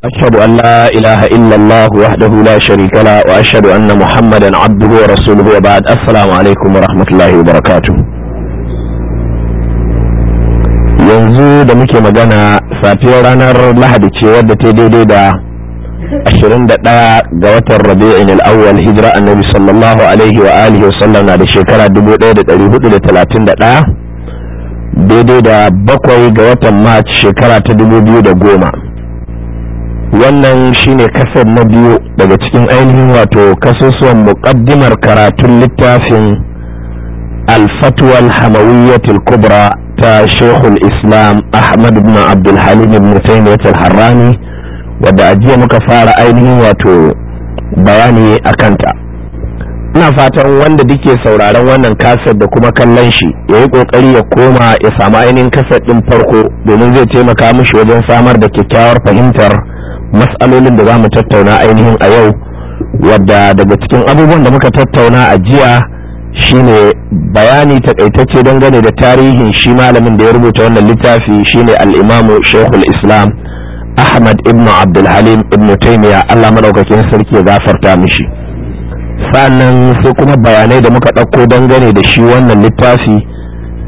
أشهد أن لا إله إلا الله وحده لا شريك له وأشهد أن محمدا عبده ورسوله وبعد السلام عليكم ورحمة الله وبركاته yanzu da muke magana safiyar ranar lahadi ce wadda ta daidai da 21 ga watan rabi'in al'awwal hijira annabi sallallahu alaihi wa alihi wa sallam na da shekara 1431 daidai da bakwai ga watan march shekara ta 2010 wannan shine kasar na biyu daga cikin ainihin wato kasusuwan muƙaddimar karatun littafin alfatuwal hamawiyyatul kubra ta shehul islam ahmad ibn abdulhalim ibn ya talhara ne wadda ajiya muka fara ainihin wato bayani a kanta ina fatan wanda duke sauraron wannan kasar da kuma kallon shi ya yi kokari ya koma ya samu ainihin kasar din farko domin zai taimaka mashi wajen samar da kyakkyawar fahimtar matsalolin da za mu tattauna ainihin a yau wadda daga cikin abubuwan da muka tattauna a jiya shine bayani takaitacce dangane da tarihin shi malamin da ya rubuta wannan littafi shine al'imamu shekul islam ahmad ibn abdulhalim ibn taimiya allah maɗaukakin sarki ya gafarta mishi sannan sai kuma bayanai da muka ɗauko dangane da shi wannan littafi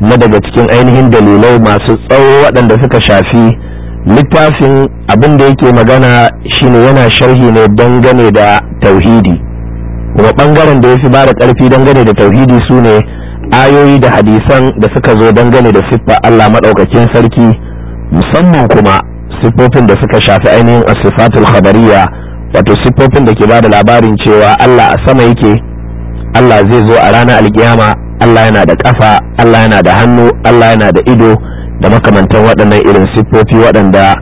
na daga cikin ainihin dalilai masu tsawo waɗanda suka shafi littafin abin da yake magana shine yana sharhi ne dangane da tauhidi kuma bangaren da ya fi bada karfi dangane da tauhidi su ne ayoyi da hadisan da suka zo dangane da siffa Allah maɗaukakin sarki musamman kuma siffofin da suka shafi ainihin asifatul khabariya wato siffofin da ke bada labarin cewa Allah a sama yake Allah zai zo a ranar alkiyama Allah yana da ƙafa, Allah yana da hannu Allah yana da ido da makamantan waɗannan irin siffofi waɗanda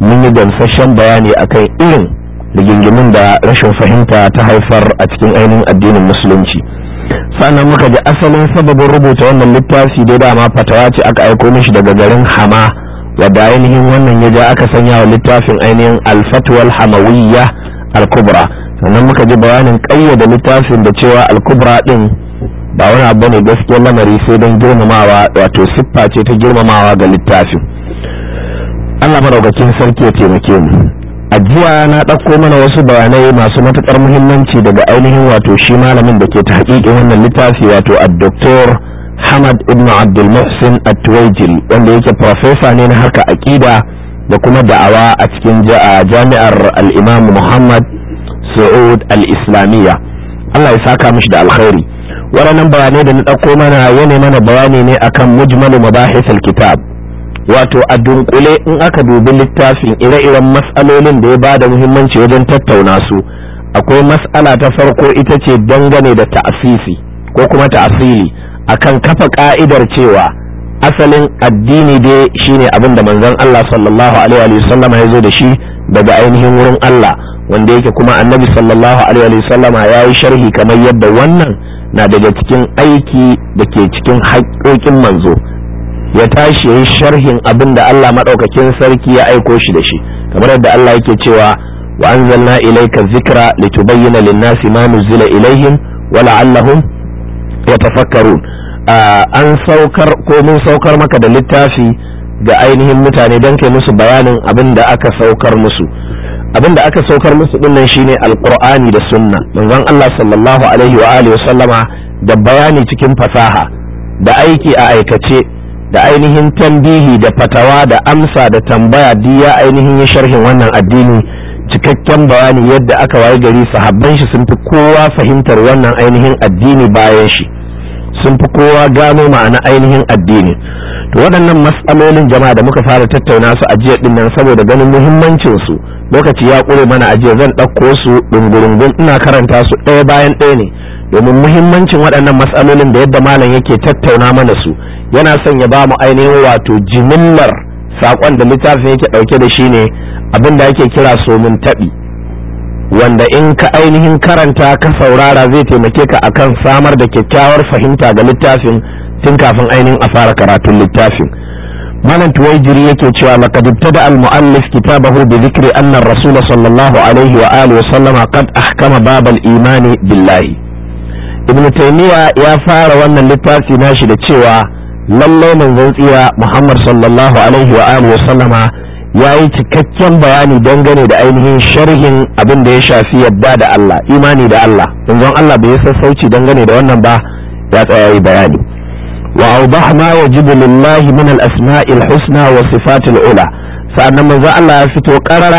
mun yi gamsashen bayani akan irin rigingimin da rashin fahimta ta haifar a cikin ainihin addinin musulunci sannan muka ji asalin sababin rubuta wannan littafi da dama fatawa ce aka aiko mishi daga garin hama wadda ainihin wannan ya ja aka sanya wa littafin ainihin alfatwal hamawiyya alkubra sannan muka ji bayanin ƙayyade littafin da cewa alkubra ɗin. ba wani abu ne gaskiyar lamari sai don girmamawa wato siffa ce ta girmamawa ga littafin Allah madaukakin sarki ya taimake mu a jiya na ɗauko mana wasu bayanai masu matuƙar muhimmanci daga ainihin wato shi malamin da ke ta haƙiƙin wannan littafi wato a doktor hamad ibn abdul muhsin wanda yake profesa ne na harka aƙida da kuma da'awa a cikin jami'ar al'imam muhammad su'ud al-islamiyya allah ya saka mishi da alkhairi waɗannan bayanai da na ɗauko mana yana mana bayani ne akan mujmalu mabahisul kitab wato a dunkule in aka dubi littafin ire-iren matsalolin da ya ba da muhimmanci wajen tattauna su akwai matsala ta farko ita ce dangane da ta'asisi ko kuma ta'asili akan kafa ka'idar cewa asalin addini dai shine abin da manzon Allah sallallahu alaihi wa sallam ya zo da shi daga ainihin wurin Allah wanda yake kuma annabi sallallahu alaihi wa sallama ya yi sharhi kamar yadda wannan na daga cikin aiki da ke cikin haƙoƙin manzo ya tashi ya yi sharhin abin da Allah maɗaukakin sarki ya aiko shi da shi kamar yadda Allah yake cewa wa anzalna ilayka dhikra litubayyana lin-nasi ma nuzila ilayhim wa la'allahum yatafakkarun an saukar ko mun saukar maka da littafi ga ainihin mutane don kai musu bayanin abin da aka saukar musu abin da aka saukar musu dinnan shine alqur'ani da sunna manzon Allah sallallahu alaihi wa alihi sallama da bayani cikin fasaha da aiki a aikace da ainihin tambihi da fatawa da amsa da tambaya ya ainihin ya sharhin wannan addini cikakken bayani yadda aka waye gari sahabban shi sun fi kowa fahimtar wannan ainihin addini bayan shi sun fi kowa gano ma'ana ainihin addini to waɗannan matsalolin jama'a da muka fara tattauna su a jiya ɗinnan saboda ganin muhimmancin su lokaci ya ƙure mana a jiya zan ɗauko su ɗungurungun ina karanta su ɗaya bayan ɗaya ne domin muhimmancin waɗannan matsalolin da yadda malam yake tattauna mana su yana son ya ba mu ainihin wato jimillar saƙon da littafin yake ɗauke da shi ne abin da ake kira somin taɓi wanda in ka ainihin karanta ka saurara zai taimake ka akan samar da kyakkyawar fahimta ga littafin tun kafin ainihin a fara karatun littafin malam tuwaijiri yake cewa laqad ibtada al muallif kitabahu bi dhikri anna rasul sallallahu alaihi wa alihi wa sallama qad ahkama bab al iman billahi ibn taymiya ya fara wannan littafi nashi da cewa lallai manzon tsira muhammad sallallahu alaihi wa alihi wa ya yayi cikakken bayani dangane da ainihin sharhin abin da ya shafi yadda da Allah imani da Allah manzon Allah bai sassauci dangane da wannan ba ya tsaya yi bayani Wa وأوضح ما minal لله husna الأسماء الحسنى والصفات Sannan manza Allah ya fito قرر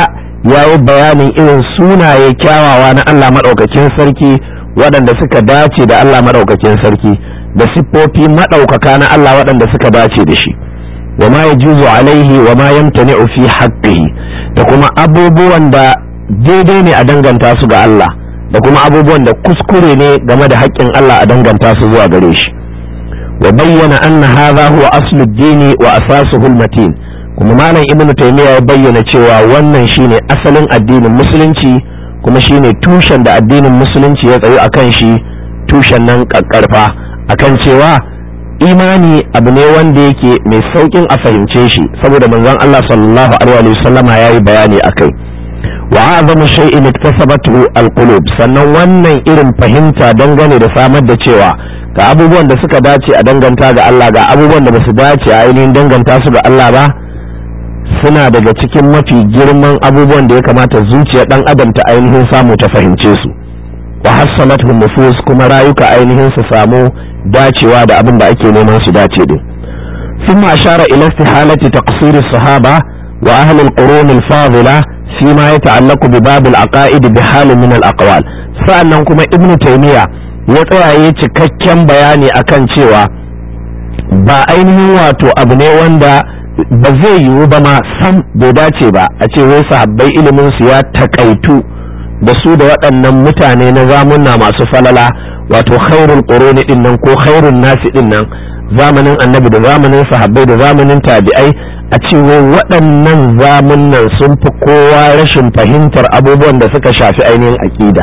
يا bayanin irin sunaye kyawawa na الله مدعوكتين sarki. waɗanda suka dace da Allah maɗaukakin sarki da siffofi maɗaukaka na Allah waɗanda suka bace da shi wa ma yajuzu alaihi wa ma yamtani'u fi haqqihi da kuma abubuwan da daidai ne a danganta su ga Allah da kuma abubuwan da kuskure ne game da haƙƙin Allah a danganta su zuwa gare shi وبين أن هذا هو أصل الدين وأساسه المتين kuma malam ibnu taymiya ya bayyana cewa wannan shine asalin addinin musulunci kuma shine tushen da addinin musulunci ya tsayu akan shi tushen nan kakkarfa akan cewa imani abu ne wanda yake mai saukin a fahimce shi saboda manzon Allah sallallahu alaihi wasallama yayi bayani akai wa azamu shay'in iktasabatu alqulub sannan wannan irin fahimta dangane da samar da cewa ga abubuwan da suka dace a danganta ga Allah ga abubuwan da basu dace a ainihin danganta su ga Allah ba suna daga cikin mafi girman abubuwan da ya kamata zuciyar dan adam ta ainihin samu ta fahimce su wa hassanat nufus kuma rayuka ainihin su samu dacewa da abin da ake neman su dace din ثم أشار إلى استحالة تقصير الصحابة وأهل القرون الفاضلة فيما يتعلق بباب العقائد بحال من الأقوال sa'annan kuma ibnu taymiya ya tsayaye cikakken bayani akan cewa ba ainihin wato abu ne wanda ba zai yiwu ba ma sam bai dace ba a ce wai sahabbai ilimin su ya takaitu da su da waɗannan mutane na zamuna masu falala wato khairul ƙoroni din nan ko khairun nasi din nan zamanin annabi da zamanin sahabbai da zamanin tabi'ai a cewa waɗannan zamunan sun fi kowa rashin fahimtar abubuwan da suka shafi ainihin aƙida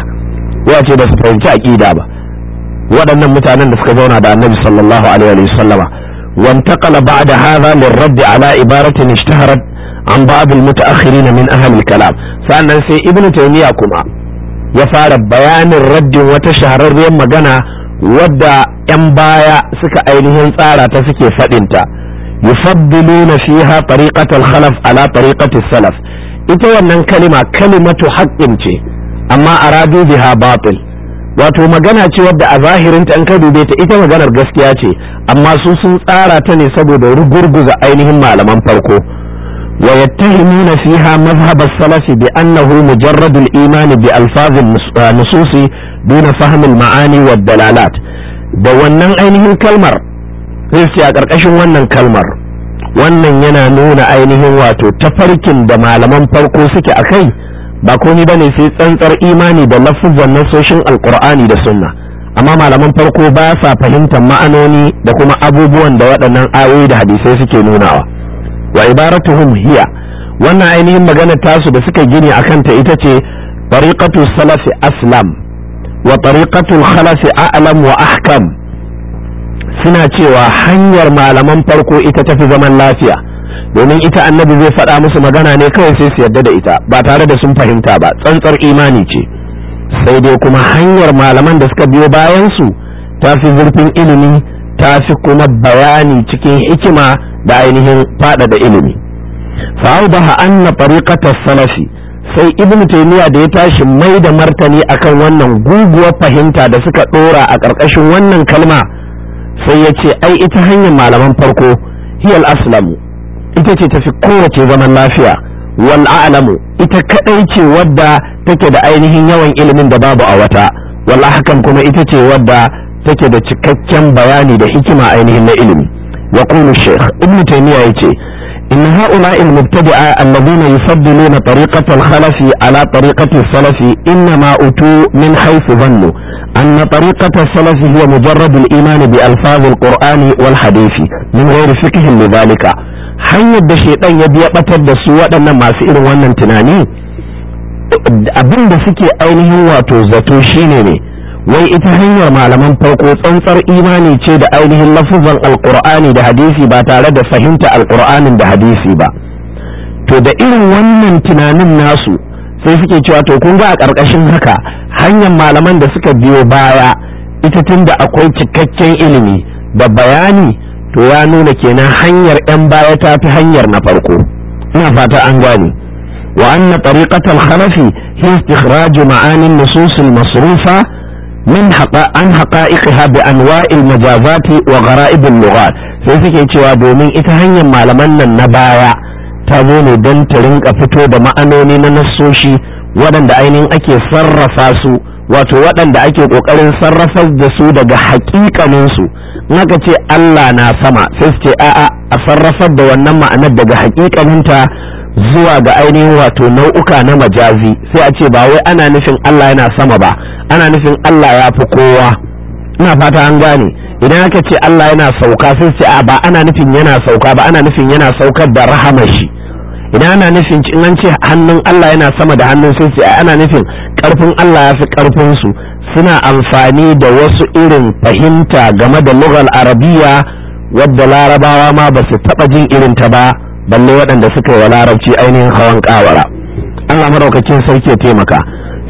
ya ce ba su fahimci aƙida ba waɗannan mutanen da suka zauna da annabi sallallahu alaihi wa sallama wantaqala ba'da hadha lirradd ala ibaratin ishtaharat an ba'd almutaakhirin min ahli kala sannan sai ibnu taymiya kuma ya fara bayanin raddin wata shahararriyar magana wadda yan baya suka ainihin tsara ta suke faɗinta yufaddiluna fiha tariqatal khalaf ala tariqati salaf ita wannan kalima kalimatu haƙƙin ce amma aradu biha batil wato magana ce wadda a zahirinta an ka dube ta ita maganar gaskiya ce amma su sun tsara ta ne saboda rugurguza ainihin malaman farko wa yattahimuna fiha mazhab as-salafi bi annahu mujarradul al-iman bi alfaz ah, nususi duna fahm maani wa dalalat da wannan ainihin kalmar sai a karkashin wannan kalmar wannan yana nuna ainihin wato tafarkin da malaman farko suke akai ba komai ba ne sai tsantsar imani da lafuzan nasoshin alkur'ani da sunna amma malaman farko ba sa fahimtar ma'anoni da kuma abubuwan da waɗannan ayoyi da hadisai suke nunawa wa ibaratuhum hiya wannan ainihin magana tasu da suka gini a ta ita ce tariqatu salafi aslam wa tariqatu khalafi a'lam wa ahkam suna cewa hanyar malaman farko ita tafi zaman lafiya domin ita annabi zai faɗa musu magana ne kawai sai su yarda da ita ba tare da sun fahimta ba tsantsar imani ce sai dai kuma hanyar malaman da suka biyo bayan su ta fi zurfin ilimi ta fi kuma bayani cikin hikima da ainihin faɗaɗa ilimi fa'aubaha anna tariqata salafi sai ibn taymiya da ya tashi mai da martani akan wannan guguwar fahimta da suka ɗora a ƙarƙashin wannan kalma sai ya ce ai ita hanyar malaman farko hiyal aslamu ita ce tafi kowace zaman lafiya wal a'lamu ita kadai ce wadda take da ainihin yawan ilimin da babu a wata wal hakan kuma ita ce wadda take da cikakken bayani da hikima ainihin na ilimi wa qulu shaykh ibnu taymiya yace إن هؤلاء المبتدعة الذين يفضلون طريقة الخلف على طريقة السلف إنما أتوا من حيث ظنوا أن طريقة السلف هي مجرد الإيمان بألفاظ القرآن والحديث من غير فقه لذلك hanyar da shaidan ya biya batar da su waɗannan masu irin wannan tunani abin da suke ainihin wato zato shine ne wai ita hanyar malaman farko tsantsar imani ce da ainihin lafuzan alkur'ani da hadisi ba tare da fahimta alkur'anin da hadisi ba to da irin wannan tunanin nasu sai suke cewa to kun ga a ƙarƙashin haka hanyar malaman da suka biyo baya ita tun da akwai cikakken ilimi da bayani to ya nuna kenan hanyar yan baya ta fi hanyar na farko ina fata an gane wa anna tariqatal khalafi hi istikhraj ma'anin nusus masrufa min haqa an haqa'iqiha bi anwa'il majazati wa gara'ib al-lughat sai suke cewa domin ita hanyar malaman nan na baya ta zo ne don ta rinka fito da ma'anoni na nassoshi waɗanda ainihin ake sarrafa su wato waɗanda ake ƙoƙarin sarrafar da su daga haƙiƙaninsu naka ce Allah na sama sai su ce a'a a sarrafar da wannan ma'anar daga hakikaninta zuwa ga ainihin wato nau'uka na majazi sai a ce ba wai ana nufin Allah yana sama ba ana nufin Allah ya fi kowa ina fata an gane idan aka ce Allah yana sauka sai su ce a ba ana nufin yana sauka ba ana nufin yana saukar da rahamar shi idan ana nufin in ce hannun Allah yana sama da hannun sai su ce ana nufin karfin Allah ya fi karfin su suna amfani da wasu irin fahimta game da lughal arabiya wadda larabawa ma ba su taɓa jin irin ta ba balle waɗanda suka yi wa larabci ainihin hawan ƙawara allah madaukakin sarki ya taimaka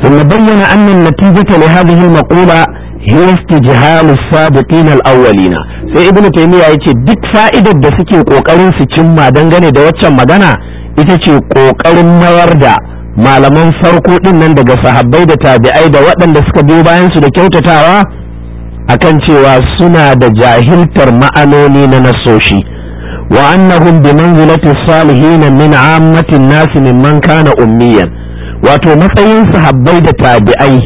ثم بين أن النتيجة لهذه المقولة هي استجهال السابقين الأولين sai ibnu taymiya yace duk fa'idar da suke kokarin su cimma dangane da waccan magana ita ce kokarin mayar da malaman farko ɗin nan daga sahabbai da tabi'ai da waɗanda suka biyo bayan su da kyautatawa akan cewa suna da jahiltar ma'anoni na nasoshi wa annahum bi manzilati salihin min ammatin nas man kana ummiyan wato matsayin sahabbai da tabi'ai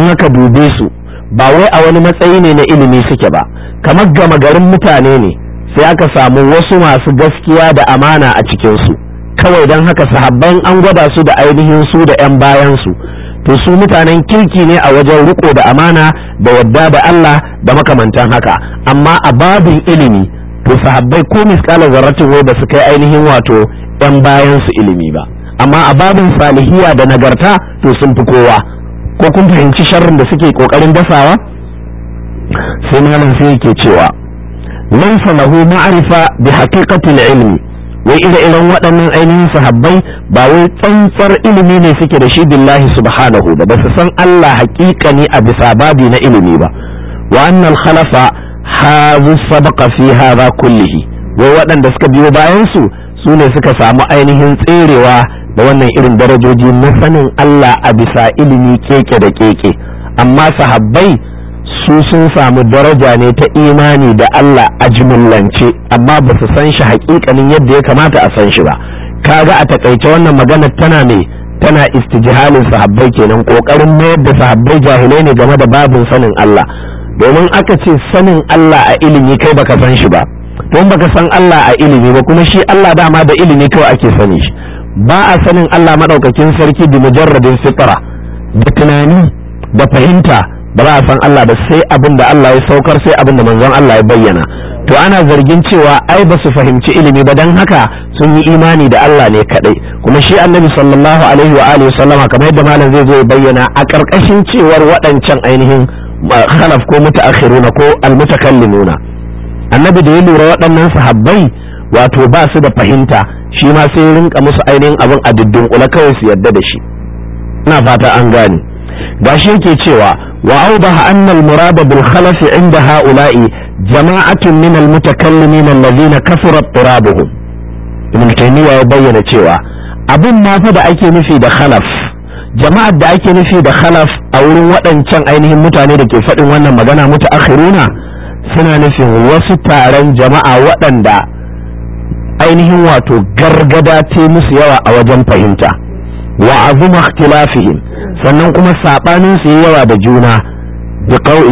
in aka dube su ba wai a wani matsayi ne na ilimi suke ba kamar gama garin mutane ne sai aka samu wasu masu gaskiya da amana a cikinsu kawai don haka sahabban an gwada su da ainihin su da 'yan bayansu to su mutanen kirki ne a wajen riko da amana da yadda da Allah da makamantan haka amma a babin ilimi to sahabbai ko miskalar zarratin wai ba su kai ainihin wato 'yan bayansu ilimi ba amma a babin salihiya da nagarta to sun fi kowa ko kun fahimci sharrin da suke kokarin dasawa sai malam sai yake cewa man sanahu ma'rifa bi haqiqatil ilmi wai ire iren waɗannan ainihin sahabbai ba wai tsantsar ilimi ne suke da shi billahi subhanahu da ba su san Allah haƙiƙani a bisa babi na ilimi ba wa annal khalafa hazu sabaqa fi hadha kullihi wai waɗanda suka biyo bayan su su ne suka samu ainihin tserewa da wannan irin darajoji na sanin Allah a bisa ilimi keke da keke amma sahabbai su sun samu daraja ne ta imani da Allah a jimillance amma ba su san shi haƙiƙanin yadda ya kamata a san shi ba kaga a takaice wannan magana tana ne tana istijhalin sahabbai kenan kokarin mayar da sahabbai jahilai ne game da babin sanin Allah domin aka ce sanin Allah a ilimi kai baka san shi ba don baka san Allah a ilimi ba kuma shi Allah dama da ilimi kawai ake sani shi ba a sanin Allah madaukakin sarki bi mujarradin fitra da tunani da fahimta ba za a san Allah ba sai abin da Allah ya saukar sai abin da manzon Allah ya bayyana to ana zargin cewa ai ba su fahimci ilimi ba dan haka sun yi imani da Allah ne kadai kuma shi annabi sallallahu alaihi wa alihi sallama kamar yadda malam zai zo ya bayyana a karkashin cewar waɗancan ainihin khalaf ko mutaakhiruna ko almutakallimuna annabi da ya lura waɗannan sahabbai wato ba su da fahimta shi ma sai rinka musu ainihin abin a diddin kula kawai su yadda da shi ina fata an gane gashi yake cewa wa auba anna al murada bil khalaf inda haula'i jama'atun min al mutakallimin alladhina kafara turabuhum ibn taymiya ya bayyana cewa abin ma fa da ake nufi da khalaf jama'ar da ake nufi da khalaf a wurin waɗancan ainihin mutane da ke faɗin wannan magana mutaakhiruna suna nufin wasu taron jama'a waɗanda ainihin wato gargada ta musu yawa a wajen fahimta wa azuma ikhtilafihim sannan kuma saɓanin su yawa da juna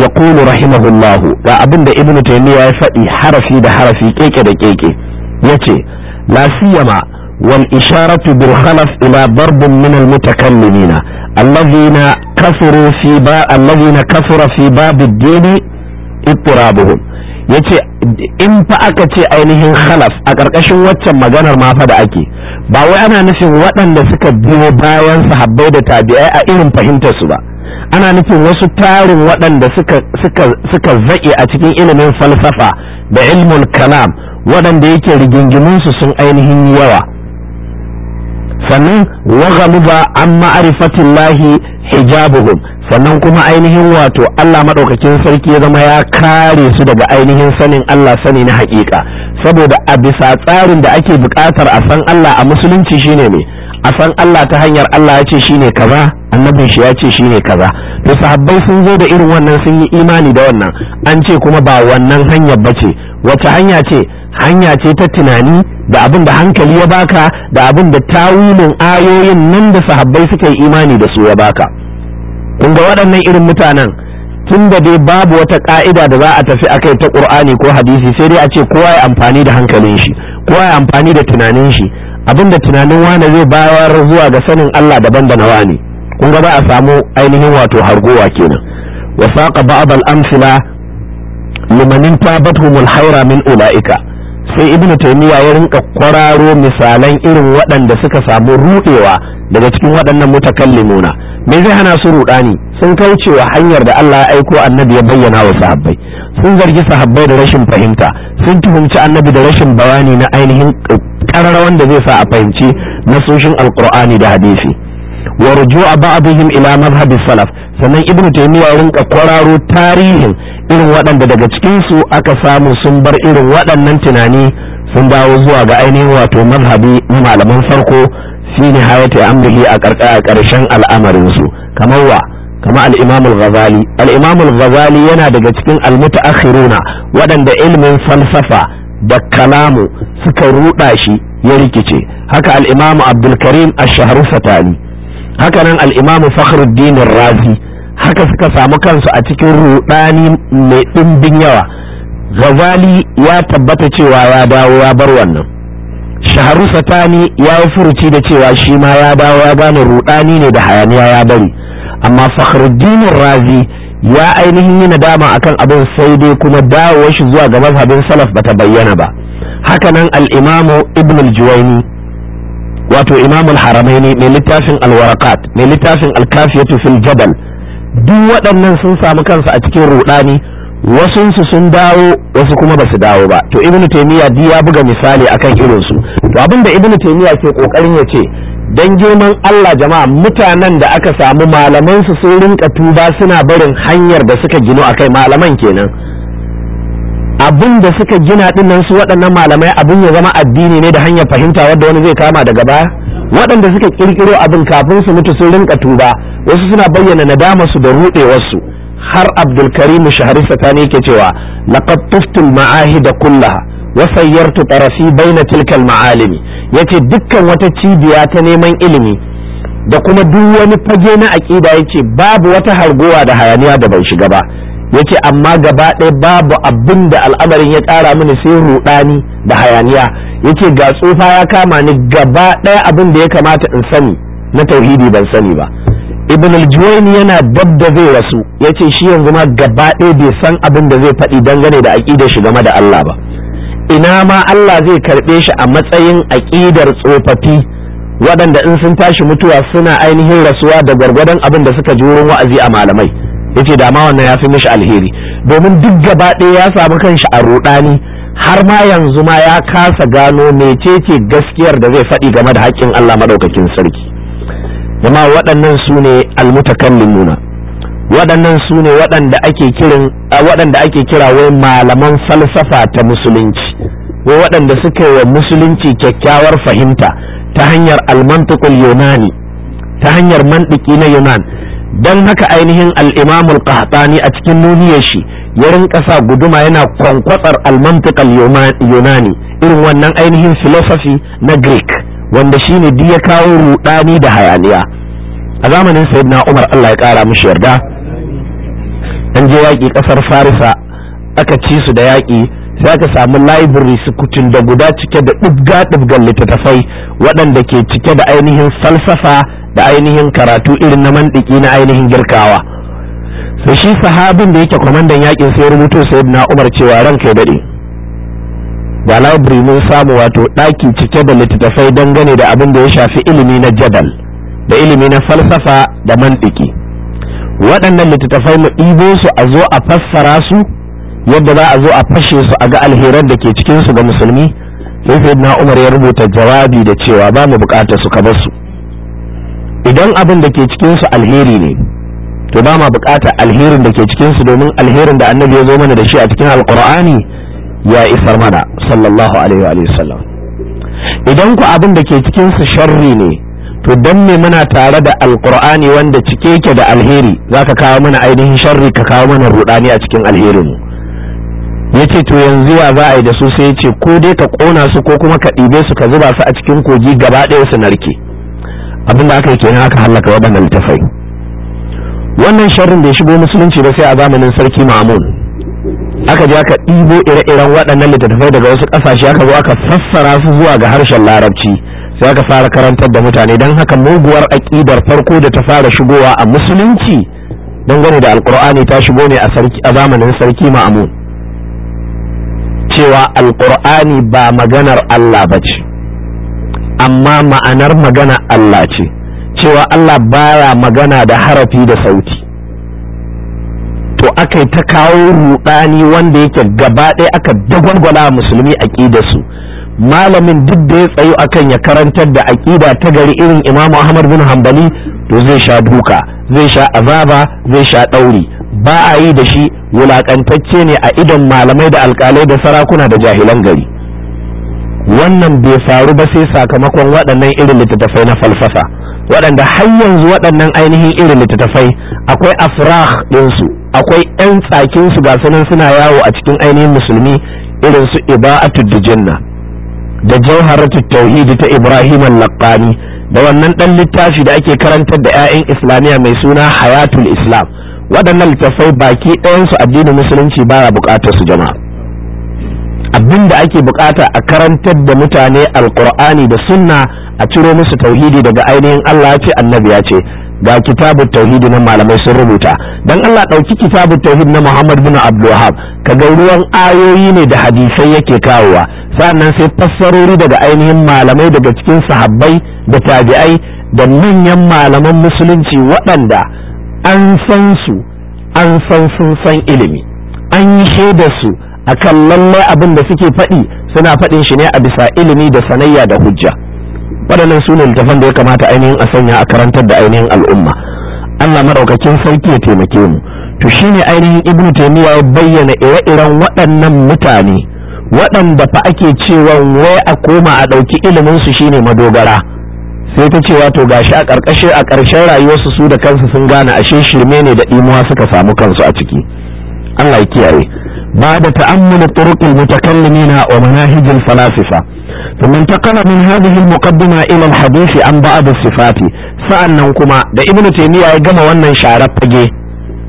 ya kulu rahimahullahu ga abin da ibnu taymiya ya faɗi harafi da harafi keke da keke yace la siyama wal isharatu bil khalaf ila darbin min al mutakallimina alladhina kafaru fi ba alladhina kafara fi bab ad ittirabuhum ya ce in fa aka ce ainihin khalaf a ƙarƙashin waccan maganar ma fa da ake ba wai ana nufin waɗanda suka biyo bayan sahabbai da tabi'ai a irin fahimtar su ba ana nufin wasu tarin waɗanda suka suka zaƙe a cikin ilimin falsafa da ilmul kalam waɗanda yake rigingimin su sun ainihin yawa sannan wa ba an ma'arifatillahi hijabuhum sannan kuma ainihin wato Allah madaukakin sarki ya zama ya kare su daga ainihin sanin Allah sani na hakika saboda a bisa tsarin da ake buƙatar a san Allah a musulunci shine ne a san Allah ta hanyar Allah ya ce shine kaza annabin shi ya ce shine kaza to sahabbai sun zo da irin wannan sun yi imani da wannan an ce kuma ba wannan hanyar bace wace hanya ce hanya ce ta tunani da abin da hankali ya baka da abin da tawilin ayoyin nan da sahabbai suka yi imani da su ya baka kun ga waɗannan irin mutanen tun da dai babu wata ka'ida da za a tafi a kai ta ƙur'ani ko hadisi sai dai a ce kowa ya amfani da hankalin shi kowa ya amfani da tunanin shi abin da tunanin wani zai bayar zuwa ga sanin Allah daban da nawa ne kunga ba a samu ainihin wato hargowa kenan wa saqa ba'd al-amsila Limanin tabathum al-hayra min ulaika sai ibnu taymiya ya rinka kwararo misalan irin waɗanda suka samu rudewa daga cikin waɗannan mutakallimuna me zai hana su rudani sun kaucewa hanyar da Allah ya aiko annabi ya bayyana wa sahabbai sun zargi sahabbai da rashin fahimta sun tuhumci annabi da rashin bayani na ainihin kararrawan da zai sa a fahimci nasoshin alqur'ani da hadisi wa rujua ba'dihim ila madhhabi salaf sannan ibnu taymiya rinka kwararo tarihin irin waɗanda daga cikinsu aka samu sun bar irin waɗannan tunani sun dawo zuwa ga ainihin wato mazhabi na malaman farko fi nihayati amrihi a ƙarshen al'amarinsu kamar wa kama al-imam al-ghazali al-imam al-ghazali yana daga cikin al-mutaakhiruna waɗanda ilmin falsafa da kalamu suka ruɗa shi ya rikice haka al-imam abdul karim ash-shahrusatani haka nan al-imam fakhruddin razi haka suka samu kansu a cikin rudani mai ɗimbin yawa gazali ya tabbata cewa ya dawo ya bar wannan shaharu satani ya yi furuci da cewa shi ma ya dawo ya gane rudani ne da hayaniya ya bari amma fakhruddin razi ya ainihin yi nadama akan abin sai dai kuma dawowar shi zuwa ga mazhabin salaf bata bayyana ba hakanan al'imamu ibn al-juwaini wato imamul haramaini mai littafin al mai littafin al-kafiyatu fil jabal duk waɗannan sun samu kansu a cikin ruɗani wasunsu sun dawo wasu kuma ba su dawo ba to ibnu taimiyya duk ya buga misali akan irinsu to abin da ibnu taymiya ke ƙoƙarin ya ce dan girman Allah jama'a mutanen da aka samu malaman su sun rinka tuba suna barin hanyar da suka gino akai malaman kenan abin da suka gina nan su waɗannan malamai abin ya zama addini ne da hanyar fahimta wadda wani zai kama daga baya waɗanda suka ƙirƙiro abin kafin su mutu sun rinka tuba wasu suna bayyana nadama su da ruɗewarsu har abdulkarimu shahari satani yake cewa laqad ma'ahi ma'ahida kullaha wa sayyartu bai baina tilkal ma'alimi yace dukkan wata cibiya ta neman ilimi da kuma duk wani fage na aƙida yace babu wata hargowa da hayaniya da ban shiga ba yace amma gaba ɗaya babu abin da al'amarin ya ƙara mini sai ruɗani da hayaniya yace ga tsufa ya kama ni gaba ɗaya abin da ya kamata in sani na tauhidi ban sani ba ibn al-juwayni yana dab da zai rasu yace shi yanzu ma gaba ɗaya bai san abin da zai faɗi dangane da aqidar shi game da Allah ba ina ma Allah zai karɓe shi a matsayin aqidar tsofaffi waɗanda in sun tashi mutuwa suna ainihin rasuwa da gwargwadon abin da suka ji wurin wa'azi a malamai yace da ma wannan ya fi mishi alheri domin duk gaba ɗaya ya samu kanshi a ruɗani har ma yanzu ma ya kasa gano mecece gaskiyar da zai faɗi game da haƙƙin Allah maɗaukakin sarki jama waɗannan su ne almutakallimuna waɗannan su ne waɗanda ake kirin waɗanda ake kira wai malaman falsafa ta musulunci wai waɗanda suka yi wa musulunci kyakkyawar fahimta ta hanyar almantukul yunani ta hanyar mandiki na yunan don haka ainihin al'imamul qahtani a cikin nuniyar shi Yarin rinka guduma yana kwankwatsar almantikal yunani irin wannan ainihin filosofi na greek wanda shine duk ya kawo rudani da hayaniya a zamanin sayyidina umar allah ya kara mushi yarda an je yaƙi ƙasar farisa aka ci su da yaƙi sai aka samu library kucin da guda cike da ɗubga ɗubgan littattafai waɗanda ke cike da ainihin falsafa da ainihin karatu irin na mandiki na ainihin girkawa sai shi sahabin da yake kwamandan yakin sai rubuto na Umar cewa ranka ya dade da library mun samu wato daki cike da littattafai dangane da abin da ya shafi ilimi na jadal da ilimi na falsafa da mantiki waɗannan littattafai mu ɗibo su a zo a fassara su yadda za a zo a fashe su a ga alheran da ke cikin su ga musulmi sai na Umar ya rubuta jawabi da cewa ba mu bukatar su ka su idan abin da ke cikin su alheri ne to ba ma buƙatar alherin da ke cikin su domin alherin da annabi ya zo mana da shi a cikin alqur'ani ya isar mana sallallahu alaihi wa sallam idan ku abin da ke cikin su sharri ne to dan me muna tare da alqur'ani wanda cike yake da alheri zaka kawo mana ainihin sharri ka kawo mana rudani a cikin alherin mu ya ce to yanzu ya za a yi da su sai ya ce ko dai ka kona su ko kuma ka ɗibe su ka zuba su a cikin kogi gaba ɗaya su narke abin da aka yi kenan aka hallaka waɗannan littafai wannan sharrin bai shigo musulunci ba sai a zamanin sarki mamun aka je aka ɗibo ire-iren waɗannan littattafai daga wasu ƙasashe aka zo aka fassara su zuwa ga harshen larabci sai aka fara karantar da mutane don haka muguwar aƙidar farko da ta fara shigowa a musulunci dangane da alƙur'ani ta shigo ne a zamanin sarki ma'amun. cewa alƙur'ani ba maganar allah ba ce amma ma'anar magana allah ce cewa Allah baya magana da harafi da sauti to aka yi ta kawo rudani wanda yake gaba ɗaya aka dagwalgwala musulmi a su malamin duk da ya tsayu akan ya karantar da aƙida ta gari irin Imam ahmad bin hambali to zai sha duka zai sha azaba zai sha ɗauri ba a yi da shi wulaƙantacce ne a idon malamai da alƙalai da sarakuna da jahilan gari wannan bai faru ba sai sakamakon waɗannan irin littattafai na falsafa waɗanda har yanzu waɗannan ainihin irin littattafai akwai afrah ɗinsu akwai ƴan tsakinsu ga sunan suna yawo a cikin ainihin musulmi irin su iba'atu dijinna da jauharatu tauhidi ta ibrahim al-laqani da wannan ɗan littafi da ake karantar da 'ya'yan islamiyya mai suna hayatul islam waɗannan littattafai baki ɗayansu addinin musulunci baya buƙatar su jama'a Abinda ake bukata a karantar da mutane alƙur'ani da sunna a ciro musu tauhidi daga ainihin Allah ya ce annabi ya ce ga kitabun tauhidi na malamai sun rubuta dan Allah ɗauki kitabun tauhid na Muhammad bin Abdulwahab ka ga ruwan ayoyi ne da hadisai yake kawowa sannan sai fassarori daga ainihin malamai daga cikin sahabbai da tabi'ai da manyan malaman musulunci waɗanda an san su an san sun san ilimi an yi shaida su akan lallai abin da suke faɗi suna faɗin shi ne a bisa ilimi da sanayya da hujja waɗannan su ne littafan da ya kamata ainihin a sanya a karantar da ainihin al'umma allah maɗaukacin sarki ya taimake mu to shi ne ainihin ibnu taymiya ya bayyana ire-iren waɗannan mutane waɗanda fa ake cewa wai a koma a ɗauki iliminsu su shine madogara sai ta cewa to gashi a ƙarƙashin a ƙarshen rayuwarsu su da kansu sun gane ashe shirme ne da ɗimuwa suka samu kansu a ciki Allah ya kiyaye ba da ta'ammulu turuqil mutakallimina wa manahijil falasifa ثم انتقل من هذه المقدمة إلى الحديث عن بعض الصفات sa'annan kuma da ibnu taymiya ya gama wannan sharar fage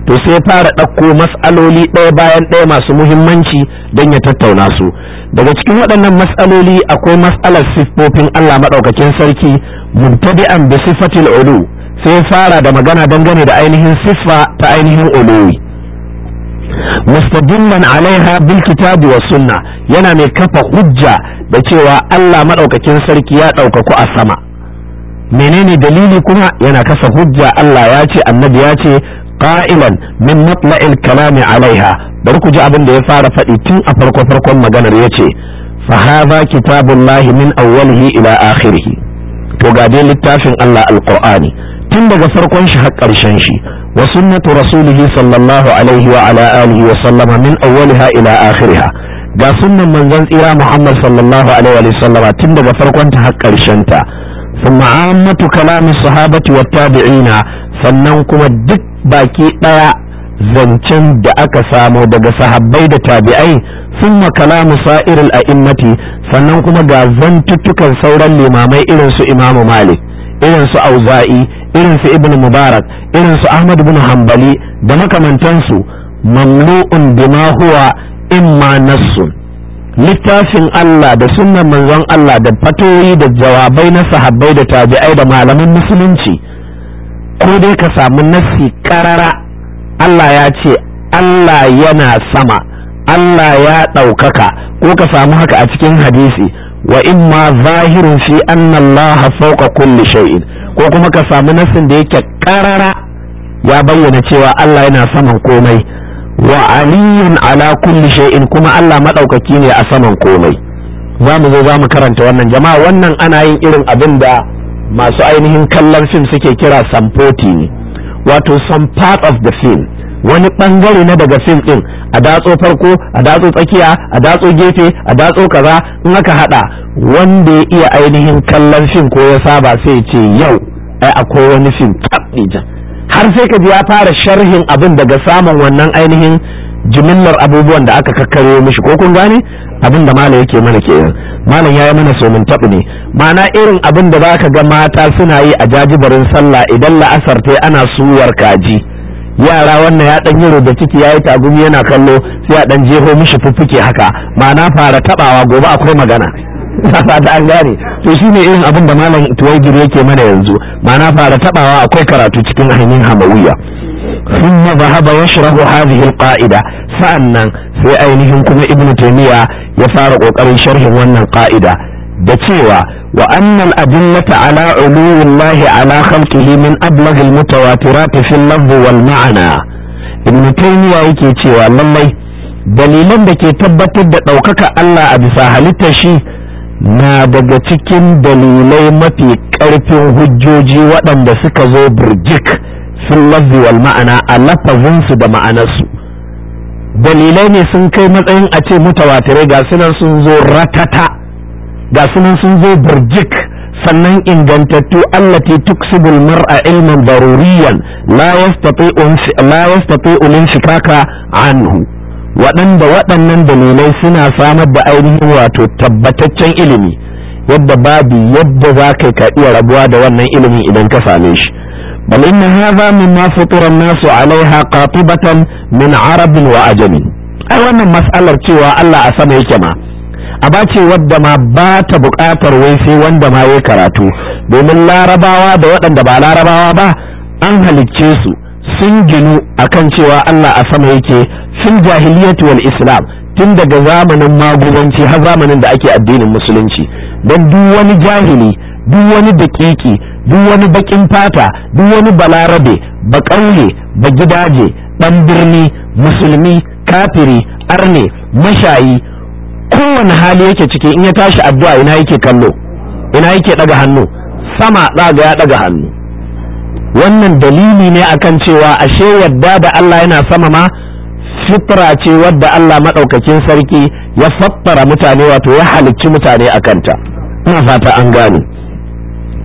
to sai fara ɗauko mas'aloli ɗaya bayan ɗaya masu muhimmanci don ya tattauna su daga cikin waɗannan mas'aloli akwai mas'alar siffofin Allah maɗaukacin sarki mubtadi'an bi sifatil ulu sai fara da magana dangane da ainihin siffa ta ainihin Oluwi. mustadimman alaiha bil kitabi wa sunna yana mai kafa hujja da cewa Allah madaukakin sarki ya ɗaukaku a sama menene dalili kuma yana kasa hujja Allah ya ce annabi ya ce qa'ilan min matla'il kalami alaiha bari ku ji abin da ya fara faɗi tun a farko farkon maganar ya ce fa hadha kitabullahi min awwalihi ila akhirih to ga dai littafin Allah alqur'ani tun daga farkon shi har ƙarshen shi وسنة رسوله صلى الله عليه وعلى آله وسلم من ga sunnan manzon tsira Muhammad sallallahu tun daga farkon ta har ƙarshen ta thumma ammatu kalami wa wat tabi'ina sannan kuma duk baki daya zancen da aka samo daga sahabbai da tabi'ai thumma kalamu sa'iril a'immati sannan kuma ga zantuttukan sauran limamai irin su Imam Malik irin su Auza'i irin su ibn mubarak irin su ahmad ibn hanbali da makamantansu mamlu'un bima huwa imma nassun littafin Allah da sunnan manzon Allah da fatoyi da jawabai na sahabbai da tabi'ai da malaman musulunci ko dai ka samu nassi karara Allah ya ce Allah yana sama Allah ya ɗaukaka ko ka samu haka a cikin hadisi wa imma zahirin fi anna Allah fawqa kulli shay'in ko kuma ka samu nasin da yake karara ya bayyana cewa Allah yana saman komai wa aliyun ala kulli shay'in kuma Allah madaukaki ne a saman komai za mu zo za mu karanta wannan jama'a wannan ana yin irin abin da masu ainihin kallon fim suke kira sampoti ne wato some part of the film wani bangare na daga fim din a datso farko a datso tsakiya a datso gefe a datso kaza in aka hada wanda ya iya ainihin kallon fim ko ya saba sai ce yau ai akwai wani fim tabbijan har sai ka ji ya fara sharhin abin daga samun wannan ainihin jimillar abubuwan da aka kakkare mishi ko kun gane abin da malam yake mana ke yin. malam yayi mana somin tabu ne ma'ana irin abin da zaka ga mata suna yi a jajibarin sallah idan la'asar tai ana suwar kaji yara wannan ya dan yaro da ciki yayi tagumi yana kallo sai a ɗan jeho mishi fuffuke haka ma'ana fara tabawa gobe akwai magana da an gane to shine irin abin da malam tuwaigiri yake mana yanzu ma'ana fara tabawa akwai karatu cikin ainihin hamawiya ثم ذهب ƙa'ida sa'an nan sai ainihin kuma Ibn Taymiya ya fara ƙoƙarin sharhin wannan ƙa'ida. da cewa wa abin mata ala uluwillahi ala khalqihi min ablaghil mutawatirat fil lafz wal ma'ana ibn taymiya yake cewa lallai dalilan da ke tabbatar da ɗaukaka Allah a bisa halittar shi na daga cikin dalilai mafi ƙarfin hujjoji waɗanda suka zo burjik sun lafzi wal ma'ana a lafazinsu da ma'anarsu dalilai ne sun kai matsayin a ce mutawatirai ga sunan sun zo ratata ga sunan sun zo birjik sannan ingantattu allati tuksibul mar'a ilman daruriyan la yastati'u min shikaka anhu waɗanda waɗannan dalilai suna samar da ainihin wato tabbataccen ilimi yadda babu yadda za kai ka iya rabuwa da wannan ilimi idan ka same shi bal inna hadha mimma futura nasu Alayha qatibatan min arabin wa ajami ai wannan mas'alar cewa Allah a sama yake ma ba ce wadda ma ba ta buƙatar wai sai wanda ma ya karatu domin larabawa da waɗanda ba larabawa ba an halicce su sun a kan cewa Allah a sama yake fil jahiliyyati wal islam tun daga zamanin magubanci har zamanin da ake addinin musulunci don duk wani jahili duk wani daƙiƙi duk wani baƙin fata duk wani balarabe ba ƙauye ba gidaje ɗan birni musulmi kafiri arne mashayi kowane hali yake ciki in ya tashi addu'a ina yake kallo ina yake daga hannu sama daga ya daga hannu wannan dalili ne akan cewa ashe yadda da Allah yana sama ma fitra ce wadda Allah maɗaukakin sarki ya fattara mutane wato ya halicci mutane a kanta ina fata an gane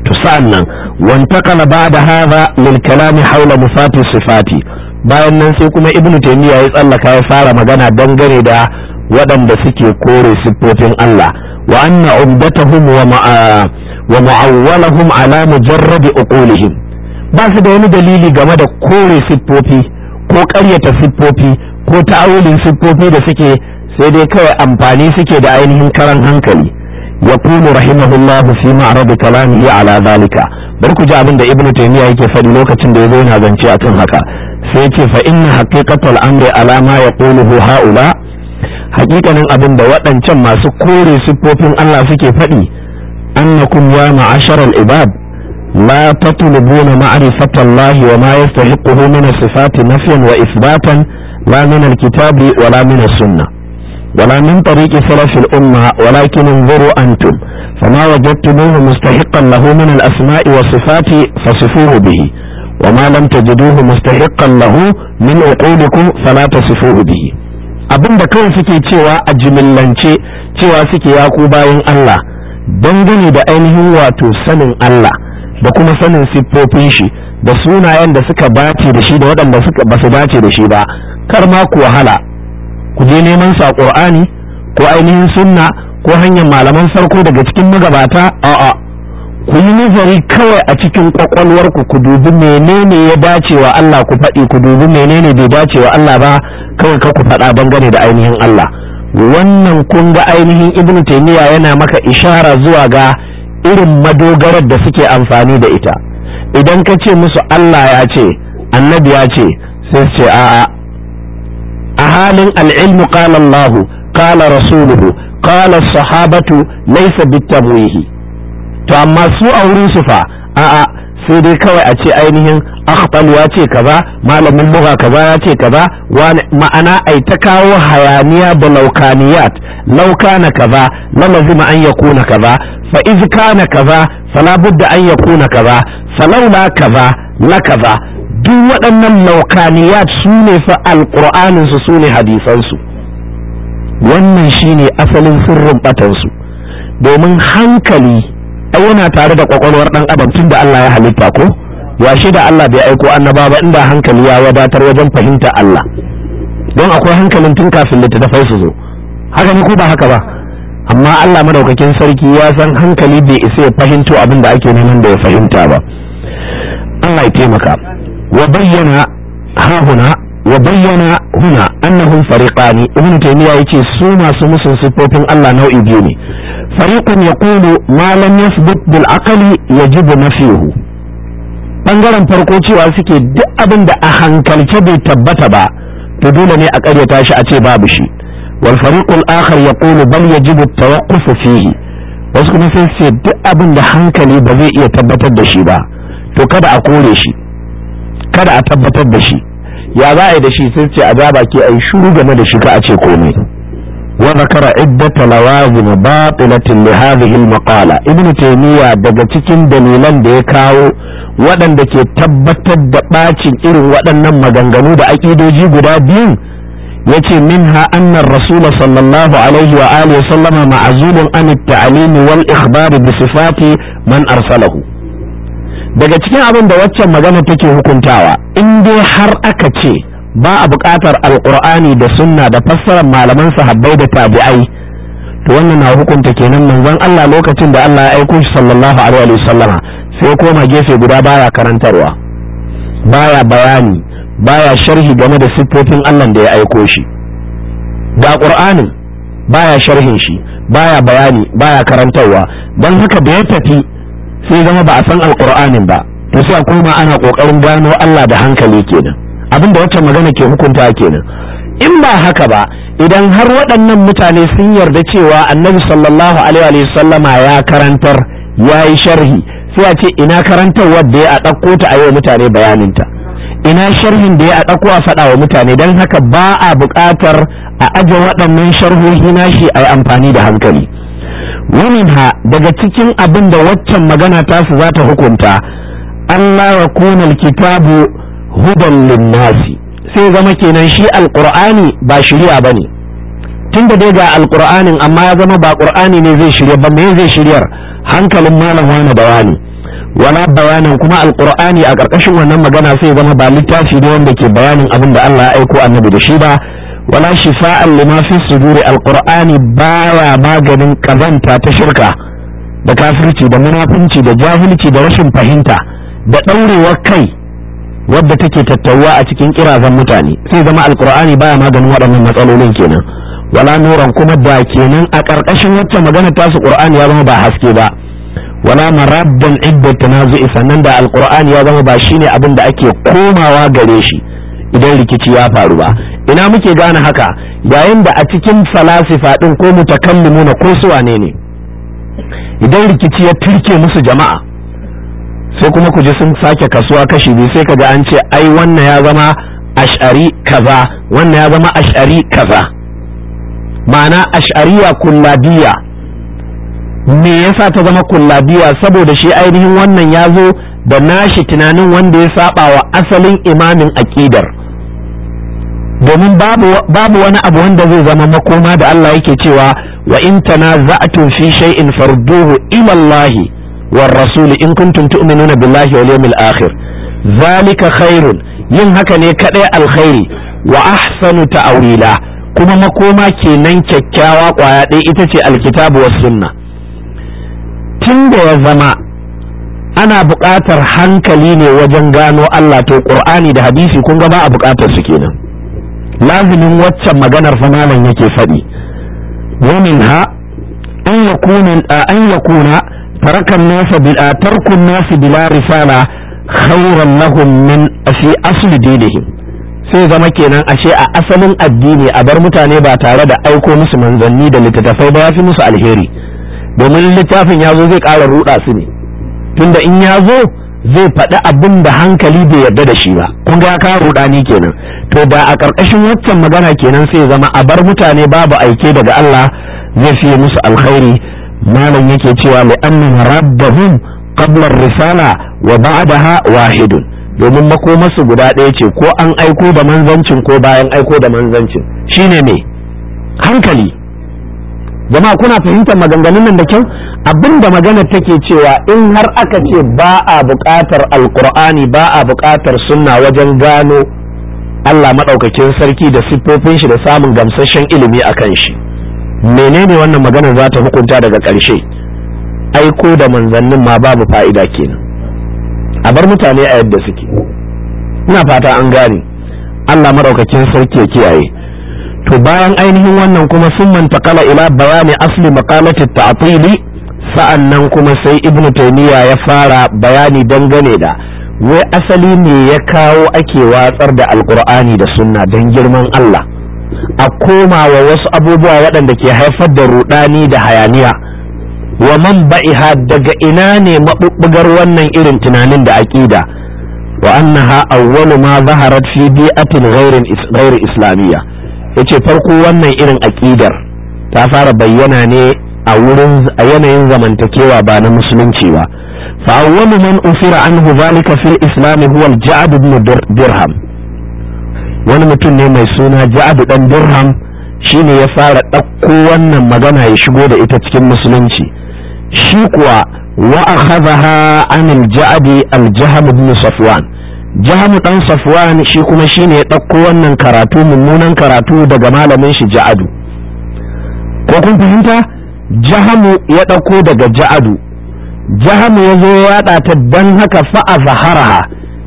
to sa'annan wantakala ba'da hadha lil kalami haula musafi sifati bayan nan sai kuma ibnu taymiya ya tsallaka ya fara magana dangane da waɗanda suke kore sifofin Allah wa anna ubdatahum wa wa mu'awwalahum ala mujarrad uqulihim ba su da wani dalili game da kore siffofi ko ƙaryata siffofi ko ta'awulin siffofi da suke sai dai kawai amfani suke da ainihin karan hankali ya kunu rahimahullah fi ma'rad kalamihi ala zalika bar ku ji abin da ibnu taymiya yake faɗi lokacin da ya zo yana zance akan haka sai ce fa inna haqiqatul amri ala ma yaquluhu haula hakikanin abin da waɗancan masu kore siffofin Allah suke faɗi annakum ya ma'asharal ibad la tatlubuna ma'rifata Allah wa ma yastahiquhu min sifati nafyan wa isbatan la min al-kitabi wa la min as-sunnah ولا من طريق سلف الأمة ولكن انظروا أنتم فما وجدتموه مستحقا له من الأسماء والصفات فصفوه به وما لم تجدوه مستحقا له من عقولكم فلا تصفوه به abin da kawai suke cewa a jimillance cewa suke ya bayan Allah gani da ainihin wato sanin Allah da kuma sanin siffofin shi da sunayen da suka bace da shi da waɗanda suka ba su bace da shi ba kar ma ku wahala ku je neman sa Qur'ani ko ainihin sunna ko hanyar malaman sarko daga cikin magabata a'a ku yi nazari kawai a cikin kwakwalwarku ku dubi menene ya dace wa Allah ku faɗi ku dubi menene bai dace wa Allah ba kawai ka ku faɗa bangare da ainihin Allah wannan kun ga ainihin ibnu taymiya yana maka ishara zuwa ga irin madogarar da suke amfani da ita idan ka ce musu Allah ya ce annabi ya ce sai ce a'a a halin al'ilmu qala Allah qala rasuluhu qala sahabatu laysa bitamwihi to amma su a wurin su fa a'a sai dai kawai a ce ainihin akhbal ce kaza malamin buga kaza ya ce kaza ma'ana ai ta kawo hayaniya ba laukaniyat laukana kaza la lazima an kuna kaza fa iz kana kaza fala budda an yakuna kaza falaula kaza la kaza duk waɗannan laukaniyat su ne fa alqur'anin su su ne hadisan su wannan shine asalin sirrin batansu domin hankali ai yana tare da kwakwalwar dan adam tunda da Allah ya halitta ko washe da Allah bai aiko annaba ba inda hankali ya wadatar wajen fahimta Allah don akwai hankalin tun kafin littattafai su zo haka ne ko ba haka ba amma Allah madaukakin sarki ya san hankali bai isa ya fahimto abin da ake neman da ya fahimta ba Allah ya taimaka wa bayyana hahuna wa bayyana huna annahum fariqani ibn taymiya yace su masu musun sifofin Allah nau'i biyu ne fariqun yaqulu ma lam yathbut bangaren farko cewa suke duk abin da a hankalce bai tabbata ba to dole ne a karyata shi a ce babu shi wal fariqul akhar yaqulu bal yajibu tawaqquf fihi wasu kuma sai su duk abin da hankali ba zai iya tabbatar da shi ba to kada a kore shi kada a tabbatar da shi ya za a yi da shi sai ce a ja a yi shuru game da shi ka a ce komai wa zakara iddata lawazim batilatin li hadhihi al ibnu taymiya daga cikin dalilan da ya kawo waɗanda ke tabbatar da ɓacin irin waɗannan maganganu da aƙidoji guda biyun yace minha anna ar-rasul sallallahu alaihi wa alihi wa sallama ma'zulun an at-ta'lim wal ikhbar bi sifati man arsalahu daga cikin abin da waccan magana take hukuntawa in dai har aka ce ba a buƙatar alƙur'ani da sunna da fassarar malaman sahabbai da tabi'ai to wannan na hukunta kenan manzon Allah lokacin da Allah ya aiko shi sallallahu alaihi wa sallama sai koma gefe guda baya karantarwa baya bayani baya sharhi game da siffofin Allah da ya aiko shi ga Qur'anin baya sharhin shi baya bayani baya karantarwa don haka da ya tafi sai zama ba a san alkur'anin ba to sai a koma ana kokarin gano Allah da hankali kenan abin da wata magana ke hukunta kenan in ba haka ba idan har waɗannan mutane sun yarda cewa annabi sallallahu alaihi sallama ya karantar ya yi sharhi sai a ce ina karantar da ya a ta a yau mutane bayaninta ina sharhin da ya a ɗauko a faɗa wa mutane don haka ba a buƙatar a aje waɗannan sharhohi nashi a yi amfani da hankali waminha daga cikin abin da waccan magana ta za ta hukunta Allah ya kuna kitabu hudan linnasi sai zama kenan shi alqur'ani ba shari'a tunda dai ga alqur'anin amma ya zama ba qur'ani ne zai shirya ba me zai shiryar hankalin malam wani bayani wala bayanin kuma alqur'ani a ƙarƙashin wannan magana sai zama ba littafi ne wanda ke bayanin abin da Allah ya aiko annabi da shi ba wala shifa'an lima fi suduri alqur'ani baya maganin kazanta ta shirka da kafirci da munafunci da jahilci da rashin fahimta da daurewar kai wadda take tattauwa a cikin kirazan mutane sai zama alqur'ani baya maganin waɗannan matsalolin kenan wala nuran kuma da kenan a ƙarƙashin wacce magana tasu qur'ani ya zama ba haske ba wala maraddan idda tanazu'i sannan da alqur'ani ya zama ba shine abin da ake komawa gare shi idan rikici ya faru ba ina muke gane haka yayin da a cikin falasifa ɗin ko mutakallimuna ko su wane ne idan rikici ya turke musu jama'a sai kuma ku ji sun sake kasuwa kashi biyu sai kaga an ce ai wannan ya zama ash'ari kaza wannan ya zama ash'ari kaza ma'ana ash'ariya kullabiya me yasa ta zama kullabiya saboda shi ainihin wannan ya zo da nashi tunanin wanda ya saba wa asalin imamin aƙidar domin babu wani abu wanda zai zama makoma da Allah yake cewa wa in tanaza'tum fi shay'in farduhu ila Allah war rasul in kuntum tu'minuna billahi wal yawmil akhir zalika khairun yin haka ne kadai alkhairi wa ahsanu ta'wila kuma makoma kenan kyakkyawa kwaya ɗaya ita ce alkitabu was sunna tun da ya zama ana buƙatar hankali ne wajen gano Allah to Qur'ani da hadisi kun ga ba a buƙatar su kenan lazimin waccan maganar fa malam yake faɗi wamin ha an yakuna an yakuna tarakan nasa bil tarkun nasi bila risala khairan lahum min fi asli dinihim sai zama kenan ashe a asalin addini a bar mutane ba tare da aiko musu manzanni da littattafai ba ya musu alheri domin littafin ya zo zai ƙara ruɗa su ne tunda in ya zo zai faɗi abin da hankali bai yarda da shi ba kun ga ka rudani kenan to da a ƙarƙashin waccan magana kenan sai zama a bar mutane babu aike daga Allah zai fiye musu alkhairi malam yake cewa mai annan rabbahum qabla risala wa ba'daha wahidun domin makomarsu guda ɗaya ce ko an aiko da manzancin ko bayan aiko da manzancin shine me hankali jama'a kuna fahimtar maganganun nan da kyau Abin da magana take cewa in har aka ce ba a buƙatar alkur'ani ba a buƙatar sunna wajen gano Allah maɗaukakin sarki da siffofin shi da samun gamsashen ilimi a kan shi menene wannan maganar za ta hukunta daga ƙarshe aiko da manzannin ma babu fa'ida kenan a bar mutane a yadda suke ina fata an gane Allah maɗaukakin sarki ya kiyaye to bayan ainihin wannan kuma sun manta kala ila bayani asli maqamati ta'atili sa'an nan kuma sai ibn taymiya ya fara bayani dangane da wai asali ne ya kawo ake watsar da alkur'ani da sunna don girman allah a koma wasu abubuwa waɗanda ke haifar da rudani da hayaniya wa man ba'iha daga ina ne maɓuɓɓugar wannan irin tunanin da aƙida wa annaha awwalu ma zaharat fi bi'atin ghairin islamiyya yace farko wannan irin aƙidar ta fara bayyana ne a wurin a yanayin zamantakewa ba na musulunci ba fa awwalu man ufira anhu zalika fil islam huwa al-ja'd ibn dirham wani mutum ne mai suna ja'd dan dirham shine ya fara ɗauko wannan magana ya shigo da ita cikin musulunci shi kuwa wa akhadha an al-ja'd al-jahm ibn safwan jahm dan safwan shi kuma shine ya ɗauko wannan karatu mummunan karatu daga malamin shi ja'adu ko kun fahimta jahamu ya ɗauko daga ja'adu jahamu ya zo ya ta dan haka fa'a zaharaha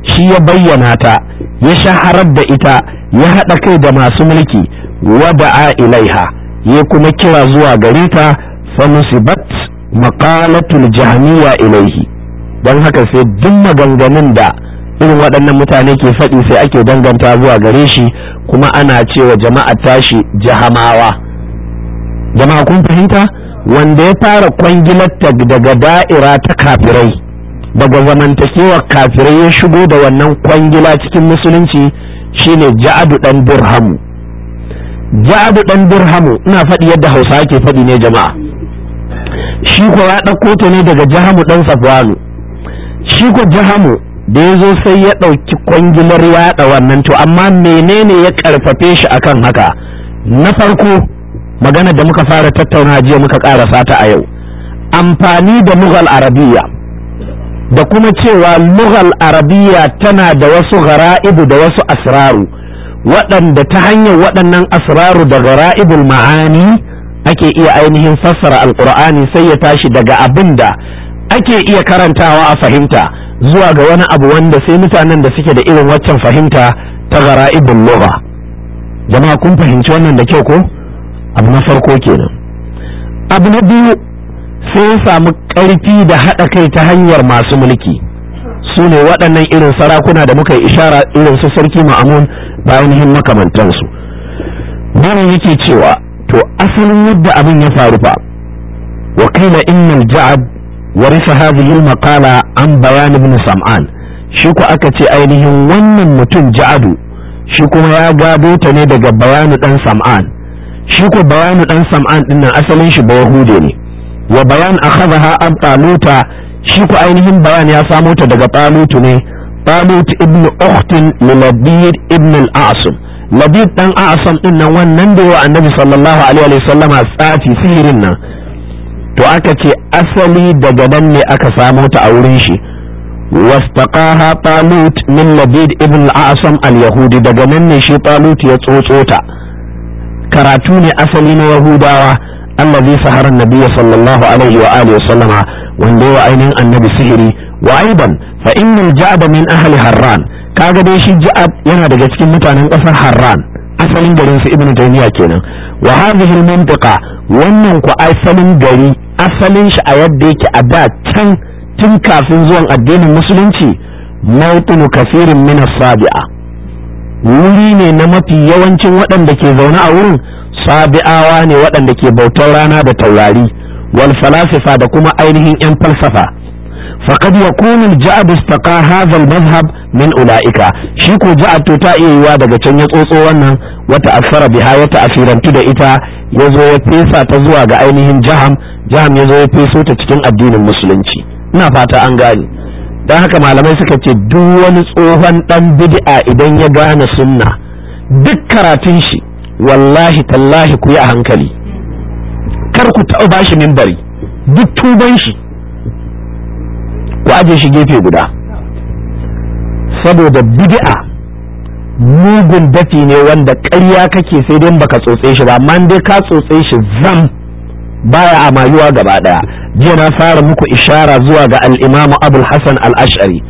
shi ya bayyana ta ya shaharar da ita ya haɗa kai da masu mulki wada'a ilaiha ya kuma kira zuwa gare ta fanusibat maqalatul jahmiya ilaihi dan haka sai duk maganganun da irin waɗannan mutane ke faɗi sai ake danganta zuwa gare shi kuma ana cewa jama'a tashi jahamawa jama'a kun fahimta wanda ya fara kwangilarta daga da'ira ta kafirai daga zamantakewar kafirai ya shigo da wannan kwangila cikin musulunci shine ja'adu dan burhamu ja'adu dan burhamu ina faɗi yadda hausa ke faɗi ne jama'a shi ko ya ɗauko ta ne daga jahamu dan safwalu shi ko jahamu da ya zo sai ya ɗauki kwangilar yaɗa wannan to amma menene ya ƙarfafe shi akan haka na farko maganar da muka fara tattauna jiya muka ƙarasa ta a yau amfani da mughal arabiya da kuma cewa mughal arabiya tana da wasu gara'ibu da wasu asraru waɗanda ta hanyar waɗannan asraru da gara'ibul ma'ani ake iya ainihin fassara alkur'ani sai ya tashi daga abin da ake iya karantawa a fahimta zuwa ga wani abu wanda sai mutanen da suke da irin waccan fahimta ta gara'ibul lugha jama'a kun fahimci wannan da kyau ko abu na farko kenan abu na biyu sai ya samu ƙarfi da haɗa kai ta hanyar masu mulki su ne waɗannan irin sarakuna da muka yi ishara irin su sarki ma'amun bayan makamantansu nan yake cewa to asalin yadda abin ya faru fa wa qila innal ja'ad warisa hadhihi al-maqala an bayan ibn sam'an shi ko aka ce ainihin wannan mutum ja'adu shi kuma ya gado ta ne daga bayanu ɗan sam'an shi ko bayanu dan sam'an din nan asalin shi ba yahude ne wa bayan akhadha an taluta shi ko ainihin bayan ya samo ta daga talutu ne talut ibn ukhtin li ibn al-asim labid dan asam din nan wannan da wa annabi sallallahu alaihi wa sallama tsafi sihirin nan to aka ce asali daga nan ne aka samo ta a wurin shi واستقاها طالوت من لبيد daga nan ne shi شي ya tsotsota karatu ne asali na yahudawa zai sahara nabiyyi sallallahu alaihi wa alihi wanda ya ainihin annabi sihiri wa aiban fa innal ja'ba min ahli harran kaga dai shi ja'ab yana daga cikin mutanen kasar harran asalin garin su ibnu taymiya kenan wa hadhihi al-mintaqa wannan ku asalin gari asalin shi a yadda yake a da can tun kafin zuwan addinin musulunci mawtunu kafirin min as-sabi'a wuri ne na mafi yawancin waɗanda ke zaune a wurin sabi'awa ne waɗanda ke bautar rana da taurari wal falasifa da kuma ainihin 'yan falsafa faqad yakunu al-ja'd istaqa hadha al-madhhab min ulaika shi ko ja'd to ta iya yiwa daga can ya tsotso wannan wata asara biha ya ta'asirantu da ita yazo ya fesa ta zuwa ga ainihin jaham jaham yazo ya feso ta cikin addinin musulunci ina fata an gane don haka malamai suka ce duk wani tsohon ɗan bid'a idan ya gane sunna duk karatun shi wallahi tallahi ku yi a hankali kar ku taɓa bashi mimbari duk tuban shi ku aje shi gefe guda saboda bid'a mugun dafi ne wanda karya kake sai dai baka tsotse shi ba amma dai ka tsotse shi zam baya amayuwa gaba daya jiya na fara muku ishara zuwa ga al-imamu abul hasan al-ash'ari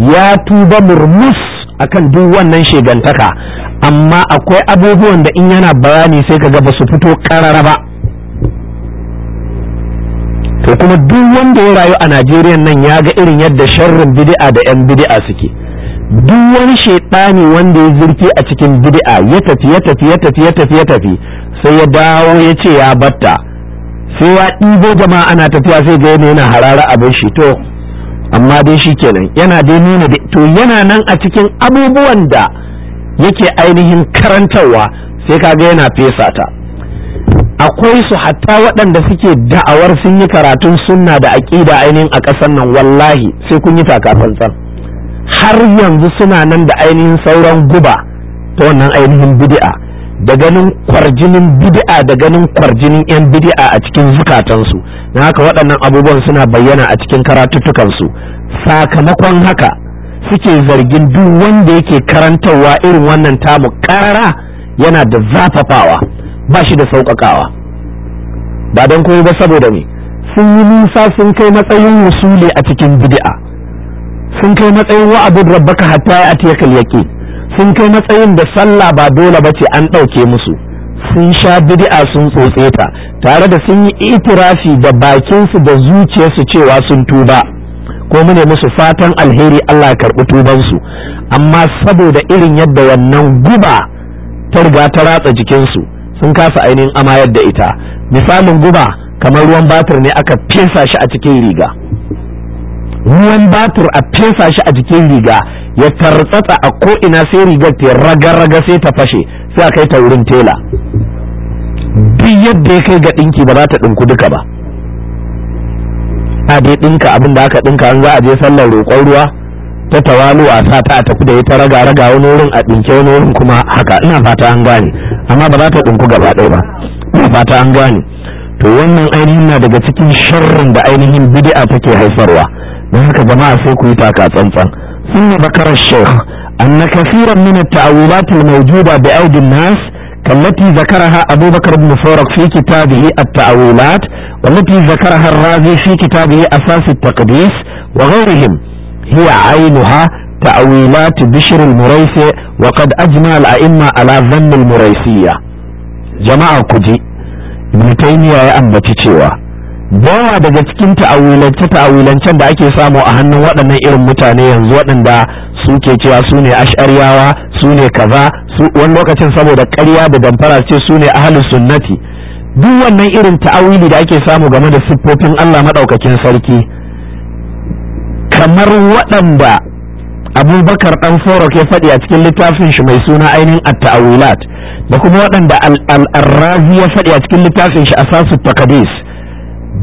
ya tuba murmus akan duk wannan shegantaka amma akwai abubuwan da in yana bayani sai kaga ba su fito karara ba to kuma duk wanda ya rayu a Najeriya nan ya ga irin yadda sharrin bid'a da 'yan bid'a suke duk wani ne wanda ya zirke a cikin bid'a ya tafi ya tafi ya tafi ya tafi ya tafi sai ya dawo ya ce ya batta sai ya ɗibo jama'a ana tafiya sai ga yana yana harara abin shi to amma dai shi kenan yana dai nuna to yana nan a cikin abubuwan da yake ainihin karantarwa sai kaga yana fesa ta akwai su hatta waɗanda suke da'awar sun yi karatun sunna da aƙida ainihin a ƙasar nan wallahi sai kun yi takafantsar har yanzu suna nan da ainihin sauran guba ta wannan ainihin bidi'a. da ganin kwarjinin bid'a da ganin kwarjinin 'yan bid'a a cikin zukatansu na haka waɗannan abubuwan suna bayyana a cikin karatuttukansu sakamakon haka suke zargin duk wanda yake karantarwa irin wannan tamu ƙarara yana da zafafawa ba shi da sauƙaƙawa ba don kuma ba saboda ne sun yi nisa sun kai matsayin wusuli a cikin bid'a sun kai matsayin Rabba rabbaka hatta ya atiyakal yake. sun kai matsayin da sallah ba dole ba ce an ɗauke musu sun sha bid'a sun tsotse ta tare da sun yi itirafi da bakinsu da zuciyarsu cewa sun tuba ko mu ne musu fatan alheri Allah karɓi tubansu amma saboda irin yadda wannan guba ta riga ta ratsa jikinsu sun kasa ainihin amayar da ita misalin guba kamar ruwan batir ne aka fesa shi a cikin riga ruwan batur a fesa shi a jikin riga ya tartsatsa a ko'ina sai rigar ta raga-raga sai ta fashe sai a kai ta wurin tela duk yadda ya kai ga ɗinki ba za ta ɗinku duka ba a dai ɗinka abin da aka ɗinka an za a je sallar roƙon ruwa ta tawalu a sa ta tafi da ita raga-raga wani wurin a ɗinke wani wurin kuma haka ina fata an gane amma ba za ta ɗinku gaba ɗaya ba ina fata an gane to wannan ainihin na daga cikin sharrin da ainihin bid'a take haifarwa don haka jama'a sai ku yi taka tsantsan sun yi bakarar an anna kafiran mina at-ta'awulat bi audi nas kallati zakaraha abubakar ibn farag fi kitabihi at-ta'awulat wallati zakaraha razi fi kitabihi asas at-taqdis wa ghayrihim hiya aynuha ta'awilat bishr al-muraysi wa qad ajma al-a'imma ala dhann al-muraysiyya jama'a kuji ibn taymiya ya ambaci cewa bawa daga cikin ta'awilance ta'awilancen da ake samu a hannun waɗannan irin mutane yanzu waɗanda suke cewa su ne ash'ariyawa su ne kaza wani lokacin saboda ƙarya da damfara ce su ne ahalin sunnati duk wannan irin ta'awili da ake samu game da siffofin Allah maɗaukakin sarki kamar waɗanda abubakar ɗan forok ya faɗi a cikin littafin shi mai suna ainihin at-ta'awilat da kuma waɗanda al ya faɗi a cikin littafin shi a sasu takadis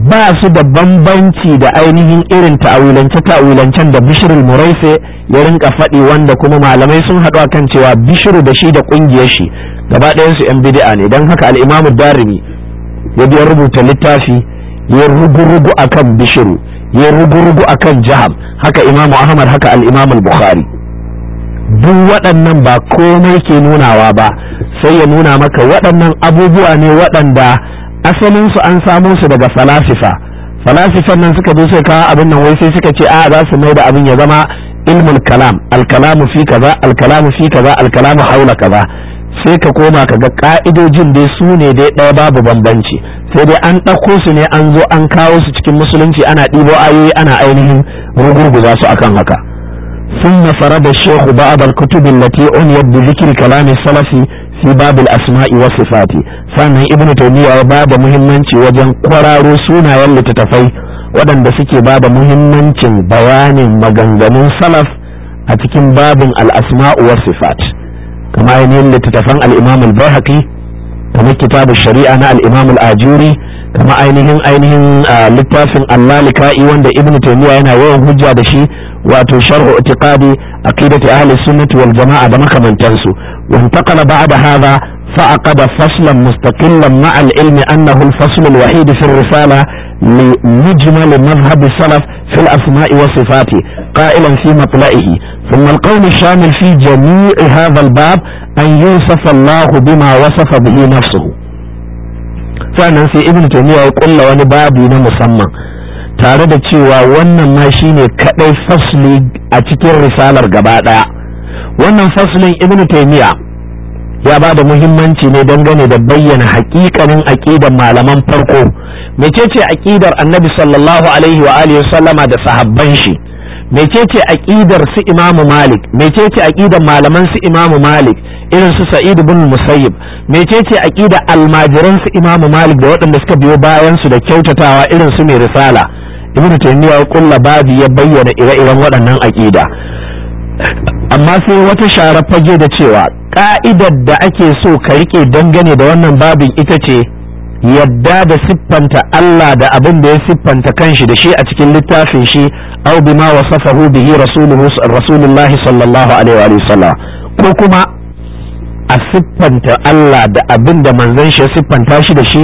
ba su da bambanci da ainihin irin ta'awilance ta'awilancen da bishirul muraife ya rinka faɗi wanda kuma malamai sun haɗu akan cewa bishiru da shi da ƙungiyar shi gaba ɗayan su yan bid'a ne don haka al'imamu darimi ya biya rubuta littafi ya rugurugu a akan bishiru ya rugurugu a akan jihar haka imamu ahmad haka al'imamu bukhari duk waɗannan ba komai ke nunawa ba sai ya nuna maka waɗannan abubuwa ne waɗanda asalinsu an samo su daga falasifa falasifan nan suka je suka kawo abin nan wai sai suka ce a za su mai da abin ya zama ilmul kalam alkalamu fi kaza alkalamu fi kaza alkalamu haula kaza sai ka koma ka ga ka'idojin dai su ne dai ɗaya babu bambanci sai dai an ɗauko su ne an zo an kawo su cikin musulunci ana ɗibo ayoyi ana ainihin ruguguza su akan haka ثم فرد الشيخ kutubin الكتب التي عنيت بذكر كلام salafi. fi babul asma'i wa sifati sannan ibnu taymiya ya ba da muhimmanci wajen kwararo sunayen littattafai waɗanda suke ba da muhimmancin bayanin maganganun salaf a cikin babin al-asma'u wa sifat kama ainihin littattafan al-imam al-bahaqi kitabu shari'a na al-imam al-ajuri kama ainihin ainihin littafin al-lalika'i wanda ibnu taymiya yana yawan hujja da shi wato sharhu i'tiqadi aqidati ahli sunnati wal jama'a da makamantansu وانتقل بعد هذا فعقد فصلا مستقلا مع العلم أنه الفصل الوحيد في الرسالة لمجمل مذهب السلف في الأسماء والصفات قائلا في مطلعه ثم القول الشامل في جميع هذا الباب أن يوصف الله بما وصف به نفسه sannan sai ibn taymiya ya kulla wani babu na musamman tare da cewa wannan ma shine kadai fasli a cikin risalar gaba daya wannan faslin ibnu taymiya ya ba da muhimmanci ne dangane da bayyana hakikanin aqidar malaman farko mecece aqidar annabi sallallahu alaihi wa alihi sallama da sahabban shi mecece aqidar su imamu malik mecece aqidar malaman su imamu malik irin su sa'id ibn musayyib mecece aqidar almajiran su imamu malik da waɗanda suka biyo bayan su da kyautatawa irin su mai risala ibn taymiya ya kulla babi ya bayyana ire-iren waɗannan aƙida. amma sai wata shara fage da cewa ka'idar da ake so ka rike dangane da wannan babin ita ce yadda da siffanta Allah da abin da ya siffanta kanshi da shi a cikin littafin shi au bima wasafahu bihi rasulullahi sallallahu alaihi wa sallam ko kuma a siffanta Allah da abin da manzon shi ya siffanta shi da shi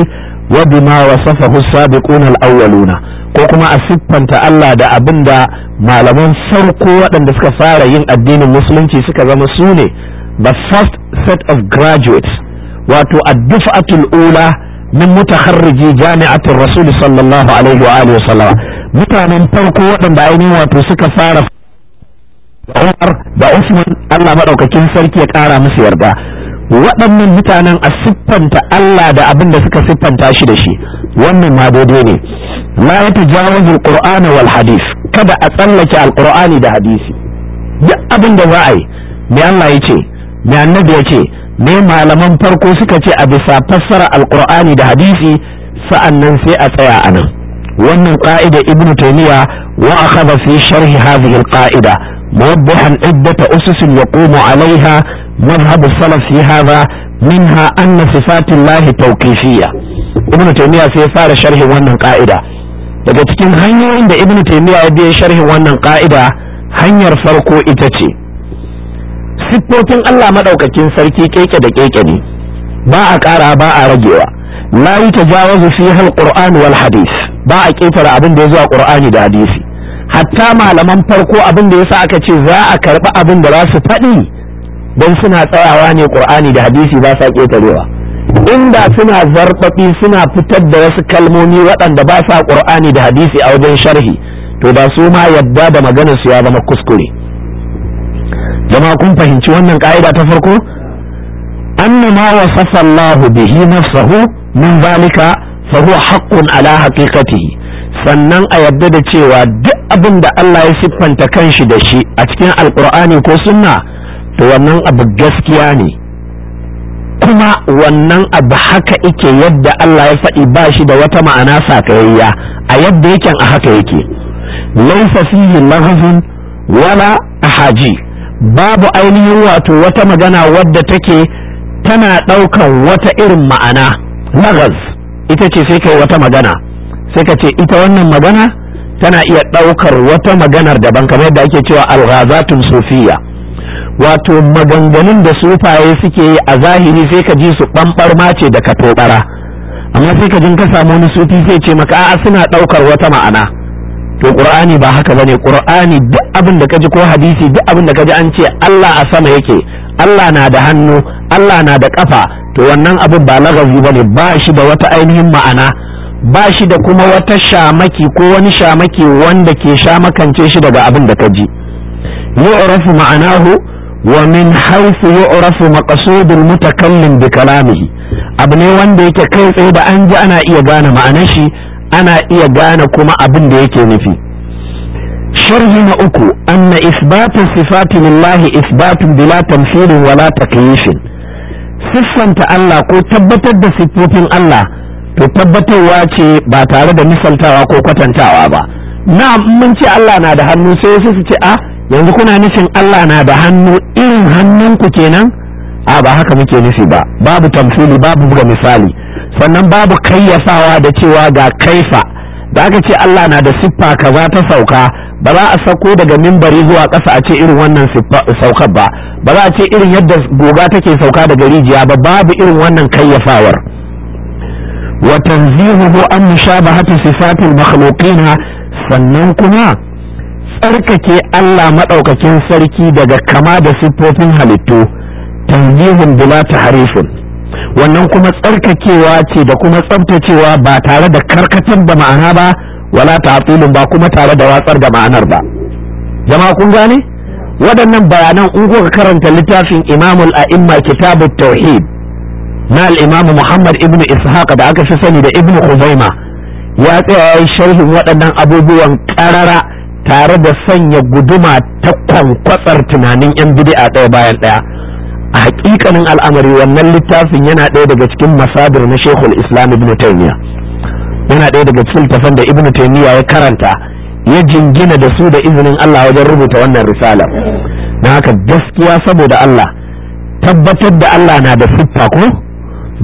wa bima wasafahu sabiquna al-awwaluna ko kuma a siffanta Allah da abin da malaman farko waɗanda suka fara yin addinin musulunci suka zama su ne the first set of graduates wato addufatul ula min mutakharriji jami'atul rasul sallallahu alaihi wa alihi wasallam mutanen farko waɗanda ainihin wato suka fara da da Usman Allah madaukakin sarki ya ƙara musu yarda waɗannan mutanen a siffanta Allah da abin da suka siffanta shi da shi wannan ma daidai ne la yatajawazu alqur'ana wal kada a tsallake alqur'ani da hadisi duk abin da za a yi me Allah ya ce me annabi ya ce me malaman farko suka ce a bisa fassara alqur'ani da hadisi sa'annan sai a tsaya a nan wannan ƙa'ida ibn taymiya wa akhadha fi sharhi hadhihi alqa'ida موضحا عدة أسس يقوم عليها مذهب السلف في هذا منها أن صفات الله توقيفية ابن sai في فار شرح وانا daga cikin hanyoyin da ibn taymiya ya biya sharhin wannan ka'ida hanyar farko ita ce siffofin Allah madaukakin sarki keke da keke ne ba a ƙara ba a ragewa la yutajawazu fiha alquran wal hadith ba a ƙetare abin da ya zuwa qur'ani da hadisi hatta malaman farko abin da yasa aka ce za a karɓi abin da za su faɗi don suna tsayawa ne qur'ani da hadisi ba sa ƙetarewa inda suna zarbabi suna fitar da wasu kalmomi waɗanda ba sa ƙur'ani da hadisi a wajen sharhi to ba su ma yadda da maganar su ya zama kuskure jama'a kun fahimci wannan ƙa'ida ta farko anna ma wasafa Allah bihi nafsahu min zalika fa huwa haqqun ala haqiqatihi sannan a yadda da cewa duk abin da Allah ya siffanta kanshi da shi a cikin alkur'ani ko sunna to wannan abu gaskiya ne kuma wannan abu haka ike yadda Allah ya faɗi ba shi da wata ma'ana sakayayya a yadda yake a haka yake laisa fihi lahazun wala ahaji babu ainihin wato wata magana wadda take tana ɗaukan wata irin ma'ana lagaz ita ce sai kai wata magana sai ka ce ita wannan magana tana iya ɗaukar wata maganar daban kamar yadda ake cewa alghazatun sufiya wato maganganun da sufaye suke yi a zahiri sai ka ji su ɓamɓar mace da katobara amma sai ka jin ka samu wani sufi sai ce maka a'a suna ɗaukar wata ma'ana to qur'ani ba haka bane qur'ani duk abin da ji ko hadisi duk abin da ji an ce Allah a sama yake Allah na da hannu Allah na da kafa to wannan abin ba lagazi bane ba shi da wata ainihin ma'ana ba shi da kuma wata shamaki ko wani shamaki wanda ke shamakance shi daga abin da kaji yu'rafu ma'anahu wa min haisu yu'rafu maqsudul mutakallim bi kalamihi abu ne wanda yake kai tsaye da an ji ana iya gane ma'anar shi ana iya gane kuma abin da yake nufi sharhi na uku anna isbatu sifati lillahi isbatun bila tamthilin wala takyifin siffanta Allah ko tabbatar da siffofin Allah to tabbatarwa ce ba tare da misaltawa ko kwatantawa ba na mun ce Allah na da hannu sai su ce a ah, yanzu kuna nufin Allah na da hannu irin hannunku kenan a ba haka muke nufi ba babu tamfili babu buga misali sannan babu kayyafawa da cewa ga kaifa da aka ce Allah na da siffa kaza ta sauka ba za a sauko daga mimbari zuwa ƙasa a ce irin wannan saukar ba ba za a ce irin yadda goga take sauka daga rijiya ba babu irin wannan kayyafawar wa tanzihuhu an mushabahati sifatil makhluqina sannan kuma tsarkake Allah maɗaukakin sarki daga kama da siffofin halittu tanzihun bila harifin, wannan kuma tsarkakewa ce da kuma tsabtacewa ba tare da karkatar da ma'ana ba wala ta'tilun ba kuma tare da watsar da ma'anar ba jama'a kun gane waɗannan bayanan in kuka karanta littafin imamul a'imma kitabut tauhid na al Muhammad ibn Ishaq da aka fi sani da ibn Khuzaima ya tsaya ya yi sharhin waɗannan abubuwan ƙarara tare da sanya guduma ta kwankwatsar tunanin 'yan bid'a ɗaya bayan ɗaya a hakikanin al'amari wannan littafin yana ɗaya daga cikin masadar na shekul islam ibn taymiya yana ɗaya daga cikin littafin da ibn taymiya ya karanta ya jingina da su da izinin allah wajen rubuta wannan risala na haka gaskiya saboda allah tabbatar da allah na da siffa ko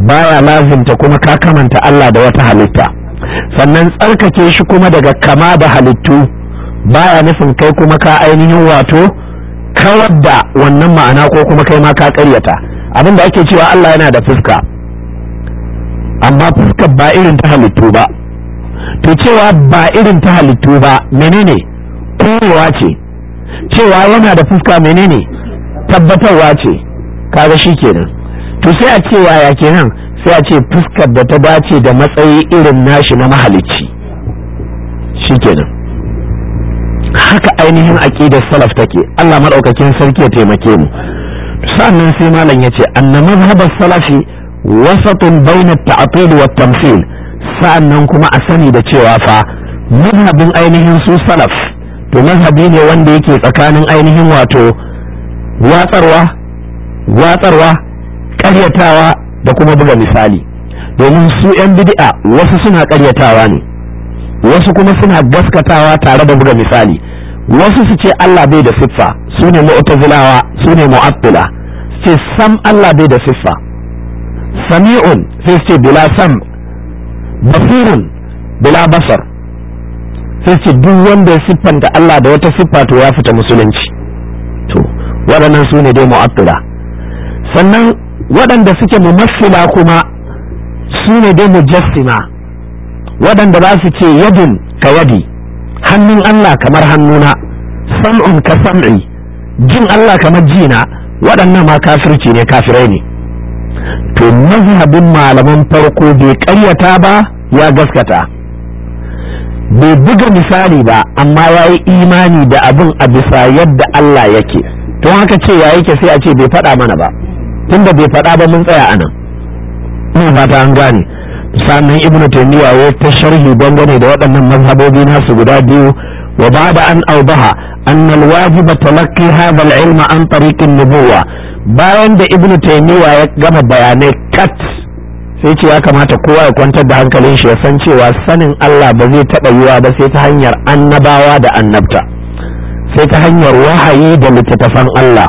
baya lazimta kuma ka kamanta allah da wata halitta sannan tsarkake shi kuma daga kama da halittu baya nufin kai kuma ka ainihin wato kawar da wannan ma'ana ko kuma kai ma ka karyata Abinda da ake cewa Allah yana da fuska amma fuskar ba irin ta halittu ba to cewa ba irin ta halittu ba menene Kowa ce cewa yana da fuska menene tabbatarwa ce kaga shi kenan to sai a cewa ya kenan sai a ce fuskar da ta dace da matsayi irin nashi na mahalicci shi kenan haka ainihin aqidar salaf take Allah madaukakin sarki ya taimake mu sannan sai malam yace anna mazhabar salafi wasatun baina at-ta'til wa tamthil sannan kuma a sani da cewa fa mazhabin ainihin su salaf to mazhabi ne wanda yake tsakanin ainihin wato watsarwa watsarwa karyatawa da kuma buga misali domin su 'yan bid'a wasu suna karyatawa ne wasu kuma suna gaskatawa tare da buga misali wasu su ce Allah bai da siffa su ne mu'tazilawa su ne su ce sam Allah bai da siffa sami'un sai su ce bila sam basirun bila basar sai su ce duk wanda ya siffanta Allah da wata siffa to ya fita musulunci to waɗannan su ne dai mu'attila sannan waɗanda suke mumassila kuma su ne dai mujassima waɗanda za su ce yadin ka yadi hannun Allah kamar hannuna sam'un ka sam'i jin Allah kamar jina waɗannan ma kafirci ne kafirai ne to mazhabin malaman farko bai ƙaryata ba ya gaskata bai buga misali ba amma ya yi imani da abin a bisa yadda Allah yake to haka ce ya yake sai a ce bai faɗa mana ba tunda bai faɗa ba mun tsaya anan ina fata an gane sannan ibnu taymiya ya ta sharhi dangane da waɗannan mazhabobi nasu guda biyu wa ba'da an awdaha anna alwajiba wajiba talaqqi hadha alilma an tariq an-nubuwa bayan da ibnu taymiya ya gama bayanai kat sai ce ya kamata kowa ya kwantar da hankalin shi ya san cewa sanin Allah ba zai taɓa yiwa ba sai ta hanyar annabawa da annabta sai ta hanyar wahayi da littattafan Allah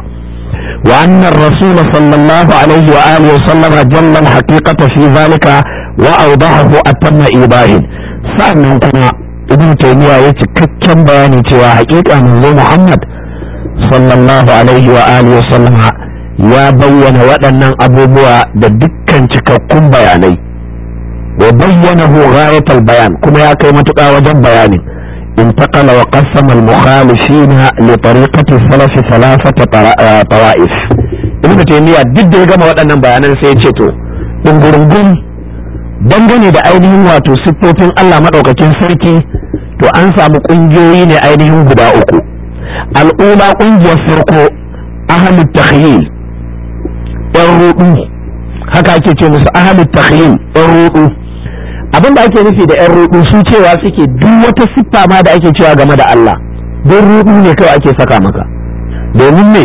wa annar rasul sallallahu alaihi wa alihi wa sallam jalla al-haqiqata fi zalika wa awdahu atamma ibahin sannan kuma ibn taymiya ya cikakken bayani cewa haƙiƙa manzo muhammad sallallahu alaihi wa alihi wa sallama ya bayyana waɗannan abubuwa da dukkan cikakkun bayanai wa hu ghayatul bayan kuma ya kai matuƙa wajen bayanin انتقل وقسم المخالفين لطريقة الثلاث ثلاثة طوائف ابن تيمية ضد ya gama waɗannan bayanan sai ya dangane da ainihin wato siffofin Allah maɗaukakin sarki to an samu ƙungiyoyi ne ainihin guda uku al'umma ƙungiyar farko ahalu takhyil ɗan ruɗu haka ake ce musu ahalu takhyil ɗan ruɗu, abin da ake nufi da ɗan ruɗu su cewa suke duk wata siffa ma da ake cewa game da Allah don ruɗu ne kawai ake saka maka domin me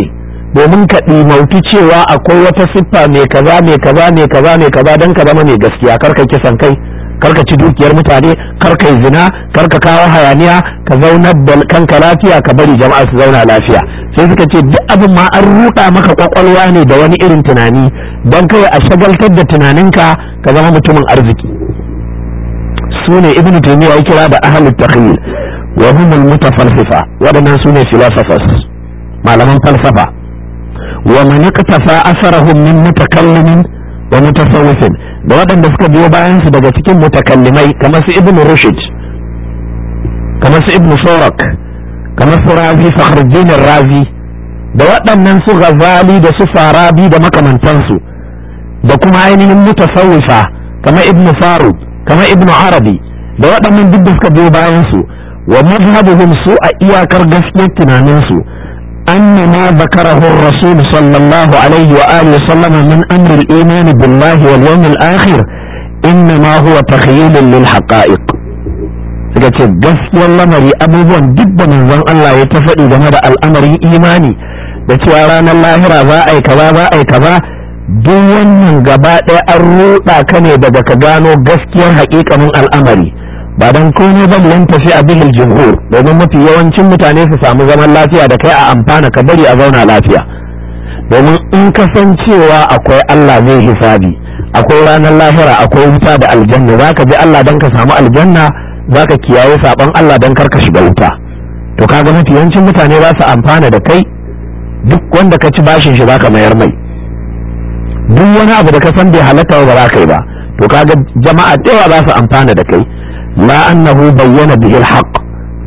domin ka ɗimauki cewa akwai wata siffa mai kaza mai kaza mai kaza mai kaza don ka zama mai gaskiya karka kisan kai karka ci dukiyar mutane karka yi zina karka kawo hayaniya ka zauna kanka lafiya ka bari jama'a su zauna lafiya sai suka ce duk abin ma an ruɗa maka kwakwalwa ne da wani irin tunani don kai a shagaltar da tunaninka ka zama mutumin arziki su ne ibnu taymiya ya kira da ahlut takhlil wa mutafalsifa su ne philosophers malaman falsafa wa man iktafa asarahum min mutakallimin wa mutasawwifin da waɗanda suka biyo bayan su daga cikin mutakallimai kamar su ibnu rushd kamar su ibnu sorak kamar su razi fakhruddin razi da waɗannan su ghazali da su farabi da makamantansu da kuma ainihin mutasawwifa kamar ibnu farud kamar ibnu arabi da waɗannan duk da suka biyo bayan su wa mazhabuhum su a iyakar gaskiyar tunaninsu أن ما ذكره الرسول صلى الله عليه وآله wa من أمر الإيمان بالله واليوم الآخر إنما هو تخيل للحقائق suka ce gaskiyar lamari abubuwan duk da manzon Allah ya ta faɗi game da al'amarin imani da cewa ranar lahira za a yi kaza duk wannan gaba ɗaya an ruɗa ka ne daga ka gano gaskiyar haƙiƙanin al'amari ba don komai ba yan tafi a bihil jihur domin mafi yawancin mutane su samu zaman lafiya da kai a amfana ka bari a zauna lafiya domin in ka cewa akwai Allah zai hisabi akwai ranar lahira akwai wuta da aljanna za ka bi Allah don ka samu aljanna za ka kiyaye saɓon Allah don kar ka shiga wuta to kaga mafi yawancin mutane za su amfana da kai duk wanda ka ci bashin shi za ka mayar mai duk wani abu da ka san bai halatta ba za ka yi ba to kaga jama'a da yawa za su amfana da kai la annahu bayyana bihi alhaq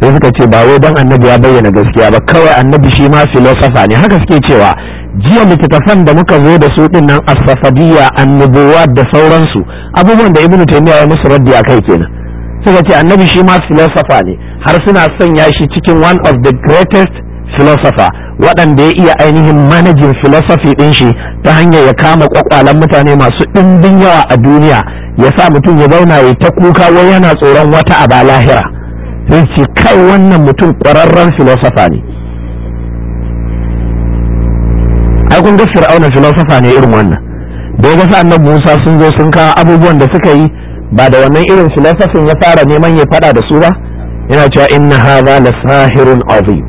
sai suka ce ba wai dan annabi ya bayyana gaskiya ba kawai annabi shi ma filosofa ne haka suke cewa jiya littattafan da muka zo da su din nan asfafadiyya annubuwa da sauransu abubuwan da ibnu taymiya ya musu raddi akai kenan suka ce annabi shi ma filosofa ne har suna sanya shi cikin one of the greatest filosofa waɗanda ya iya ainihin manajin philosophy ɗin shi ta hanyar ya kama kwakwalan mutane masu ɗimbin yawa a duniya ya sa mutum ya zauna ya ta kuka wai yana tsoron wata a ba lahira sai ce kai wannan mutum ƙwararren filosofa ne ai kun ga fir'auna filosofa ne irin wannan da ya sa annabi Musa sun zo sun kawo abubuwan da suka yi ba da wannan irin filosofin ya fara neman ya fada da su ba yana cewa inna hadha la sahirun azim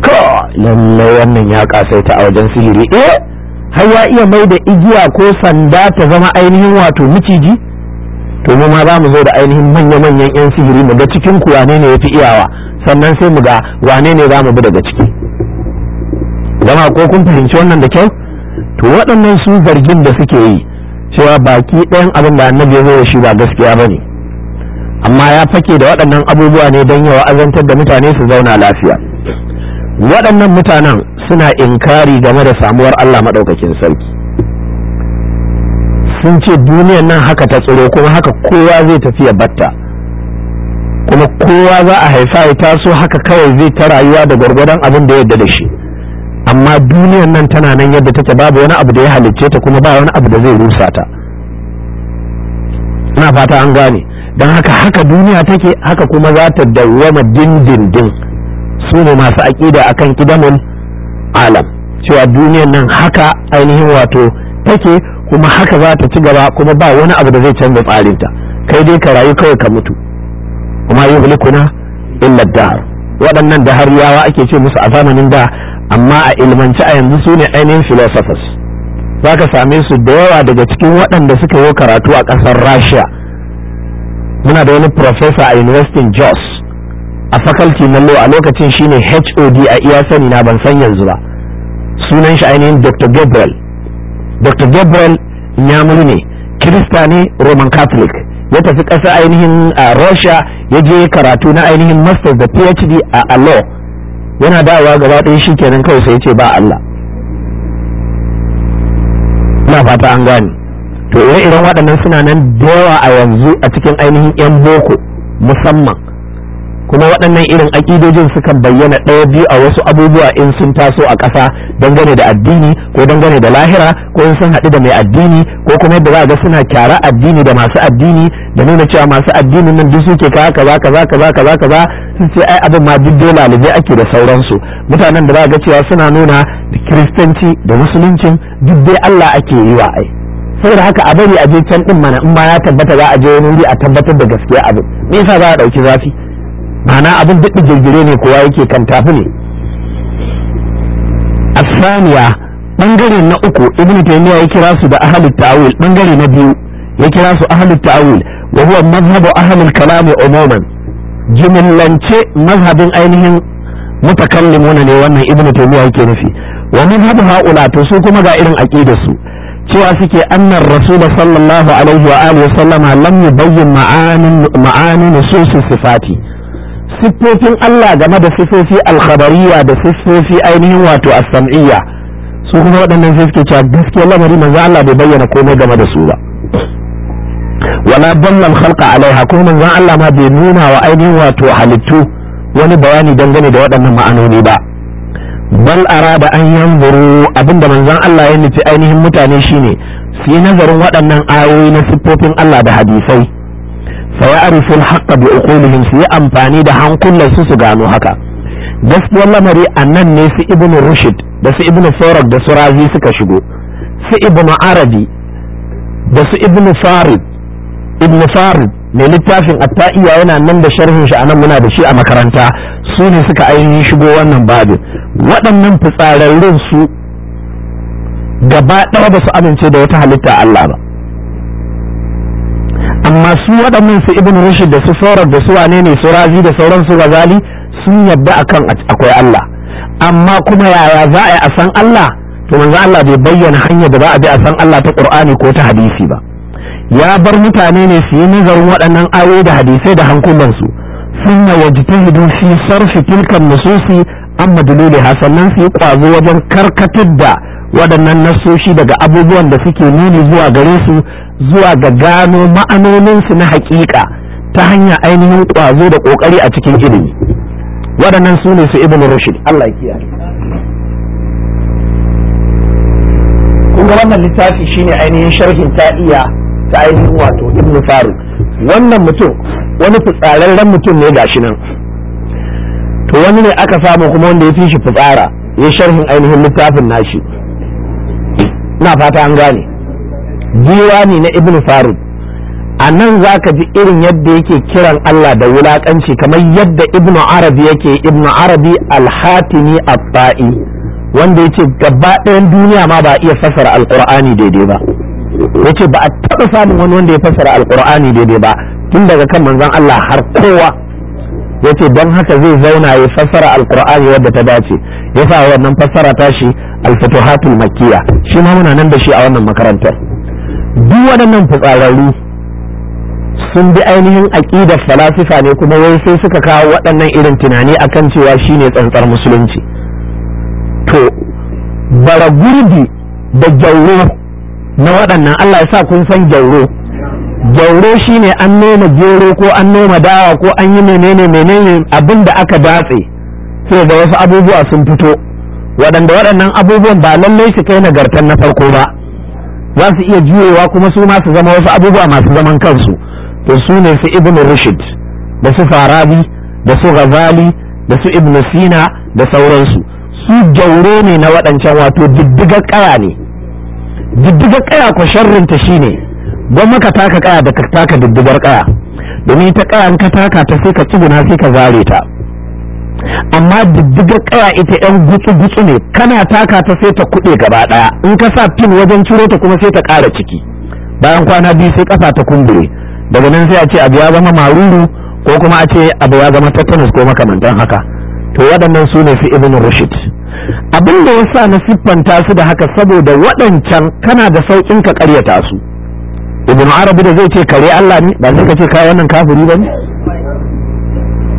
ka lalle wannan ya kasaita a wajen sihiri eh har ya iya mai da igiya ko sanda ta zama ainihin wato miciji to mu ma za mu zo da ainihin manya-manyan 'yan sihiri mu ga cikin ku wane ne ya fi iyawa sannan sai mu ga wane ne za mu bi daga ciki zama ko kun fahimci wannan da kyau to waɗannan su zargin da suke yi cewa baki ɗayan abin da annabi ya zo shi ba gaskiya ba ne amma ya fake da waɗannan abubuwa ne don yawa azantar da mutane su zauna lafiya waɗannan mutanen suna inkari game da samuwar Allah maɗaukakin sarki sun ce duniyan nan haka ta tsiro kuma haka kowa zai tafi ya batta kuma kowa za a haifa ya taso haka kawai zai ta rayuwa da gwargwadon abin da yadda da shi amma duniyan nan tana nan yadda take babu wani abu da ya halicce ta kuma ba wani abu da zai rusa ta ina fata an gane don haka haka duniya take haka kuma za ta dawwama dindindin su ne masu aƙida akan kidamun alam cewa duniyan nan haka ainihin wato take kuma haka za ta ci gaba kuma ba wani abu da zai canza tsarinta kai dai ka rayu kawai ka mutu kuma yi hulikuna illa dahar waɗannan yawa ake ce musu a zamanin da amma a ilmance a yanzu su ne ainihin philosophers za ka same su da yawa daga cikin waɗanda suka yi karatu a ƙasar rasha muna da wani professor a university jos a faculty na lo a lokacin shine hod a iya sani na ban san yanzu ba sunan shi ainihin dr gabriel dr gabriel nyamuri ne kirista ne roman catholic ya tafi ƙasa ainihin a russia ya je karatu na ainihin masters da phd a law yana dawowa gaba ɗaya shi kenan kawai sai ce ba allah na fata an gane to ire-iren waɗannan suna nan da a yanzu a cikin ainihin 'yan boko musamman kuma waɗannan irin aƙidojin sukan bayyana ɗaya biyu a wasu abubuwa in sun taso a ƙasa dangane da addini ko dangane da lahira ko in sun haɗu da mai addini ko kuma yadda za a ga suna kyara addini da masu addini da nuna cewa masu addini nan duk suke kaza kaza kaza kaza kaza kaza sun ce ai abin ma duk dole alibai ake da sauransu mutanen da za a ga cewa suna nuna da kiristanci da musuluncin duk dai Allah ake yi wa ai saboda haka a bari a je can din mana in ma ya tabbata za a je wani wuri a tabbatar da gaskiya abin me yasa za a ɗauki zafi ma'ana abin duk girgire ne kowa yake kan tafi ne asaniya bangare na uku ibnu taymiya ya kira su da ahlut ta'wil bangare na biyu ya kira su ahlut ta'wil wa huwa madhhabu ahlul kalam umuman jumlance mazhabin ainihin mutakallimuna ne wannan ibnu taymiya yake nufi wa madhhabu haula to su kuma ga irin aqidar su cewa suke annar rasul sallallahu alaihi wa alihi sallama lam yubayyin ma'anin ma'anin nusus sifati siffofin Allah game da siffofi alkhabariya da siffofi ainihin wato as-sam'iyya su kuma waɗannan sai suke cewa gaskiyar lamari manzo Allah bai bayyana komai game da su ba wala dalla al-khalqa alaiha kuma manzo Allah ma bai nuna wa ainihin wato halittu wani bayani dangane da waɗannan ma'anoni ba bal arada an yanzuru abinda manzon Allah ya nufi ainihin mutane shine su yi nazarin waɗannan ayoyi na siffofin Allah da hadisai fa ya'rifu al bi uqulihim su yi amfani da hankulan su su gano haka gaskiyar lamari a nan ne su ibnu rushd da su ibnu farak da su razi suka shigo su ibnu arabi da su ibnu farid ibnu farid mai littafin atta'iya yana nan da sharhin shi a nan muna da shi a makaranta su ne suka ainihin shigo wannan babin waɗannan fitsararrun su gaba ɗaya ba su amince da wata halitta Allah ba amma su waɗannan su ibn rushd da su sauran da su wane ne su razi da sauran su gazali sun yadda akan akwai Allah amma kuma yaya za a san Allah to manzo Allah bai bayyana hanyar da za a bi a san Allah ta Qur'ani ko ta hadisi ba ya bar mutane ne su yi nazarin waɗannan ayoyi da hadisai da hankulansu sun ya wajtahidu fi sarfi tilkan nususi amma dalili hasannan su yi kwazo wajen karkatar da waɗannan nasoshi daga abubuwan da suke nuni zuwa gare su zuwa ga gano ma'anoninsu na haƙiƙa ta hanyar ainihin ƙwazo da ƙoƙari a cikin ilimi waɗannan su ne su ibn rushd Allah ya kun ga wannan littafi shine ainihin sharhin ta iya ta ainihin wato ibn faruk wannan mutum wani fitsararren mutum ne gashi nan to wani ne aka samu kuma wanda ya fi shi fitsara ya sharhin ainihin littafin nashi na fata an gane ne na ibn farud a nan za ka ji irin yadda yake kiran Allah da wulaƙanci kamar yadda ibn arabi yake ibn arabi alhatimi al-fa'i wanda ya ce gaba ɗayan duniya ma ba iya fassara alƙur'ani daidai ba ya ce ba a taɓa samun wani wanda ya fassara alƙur'ani daidai ba tun daga kan manzon Allah har kowa ya ce don haka zai zauna ya fassara alƙur'ani wadda ta dace ya sa wannan fassara tashi alfatuhatul Makiya, shi ma muna nan da shi a wannan makarantar duk waɗannan fitsararru sun bi ainihin aƙidar falasifa ne kuma wai sai suka kawo waɗannan irin tunani akan cewa shine tsantsar musulunci to bara gurbi da gyauro na waɗannan Allah ya sa kun san gyauro gyauro shine an noma gero ko an noma dawa ko an yi menene menene abin da aka datse sai da wasu abubuwa sun fito waɗanda waɗannan abubuwan ba lallai su kai nagartan na farko ba za su iya juyewa kuma su ma su zama wasu abubuwa masu zaman kansu to su ne su ibn rushid da su farabi da su ghazali da su ibn sina da sauransu su jauro ne na waɗancan wato diddigar ƙaya ne diddigar ƙaya ko sharrinta shine don maka taka ƙaya da ka taka diddigar ƙaya domin ta ƙayan ka taka ta sai ka tsuguna sai ka zare ta amma diddigar kaya ita yan gutsu gutsu ne kana taka ta sai ta kuɗe gaba ɗaya in ka sa pin wajen ciro ta kuma sai ta ƙara ciki bayan kwana biyu sai ƙasa ta kumbure daga nan sai a ce abu ya zama maruru ko kuma a ce abu ya zama tetanus ko makamantan haka to waɗannan su ne su ibn rushd abin da yasa na siffanta su da haka saboda waɗancan kana da sauƙin ka ƙaryata su ibn Arabu da zai ce kare Allah ne ba sai ka ce kai wannan kafiri ne?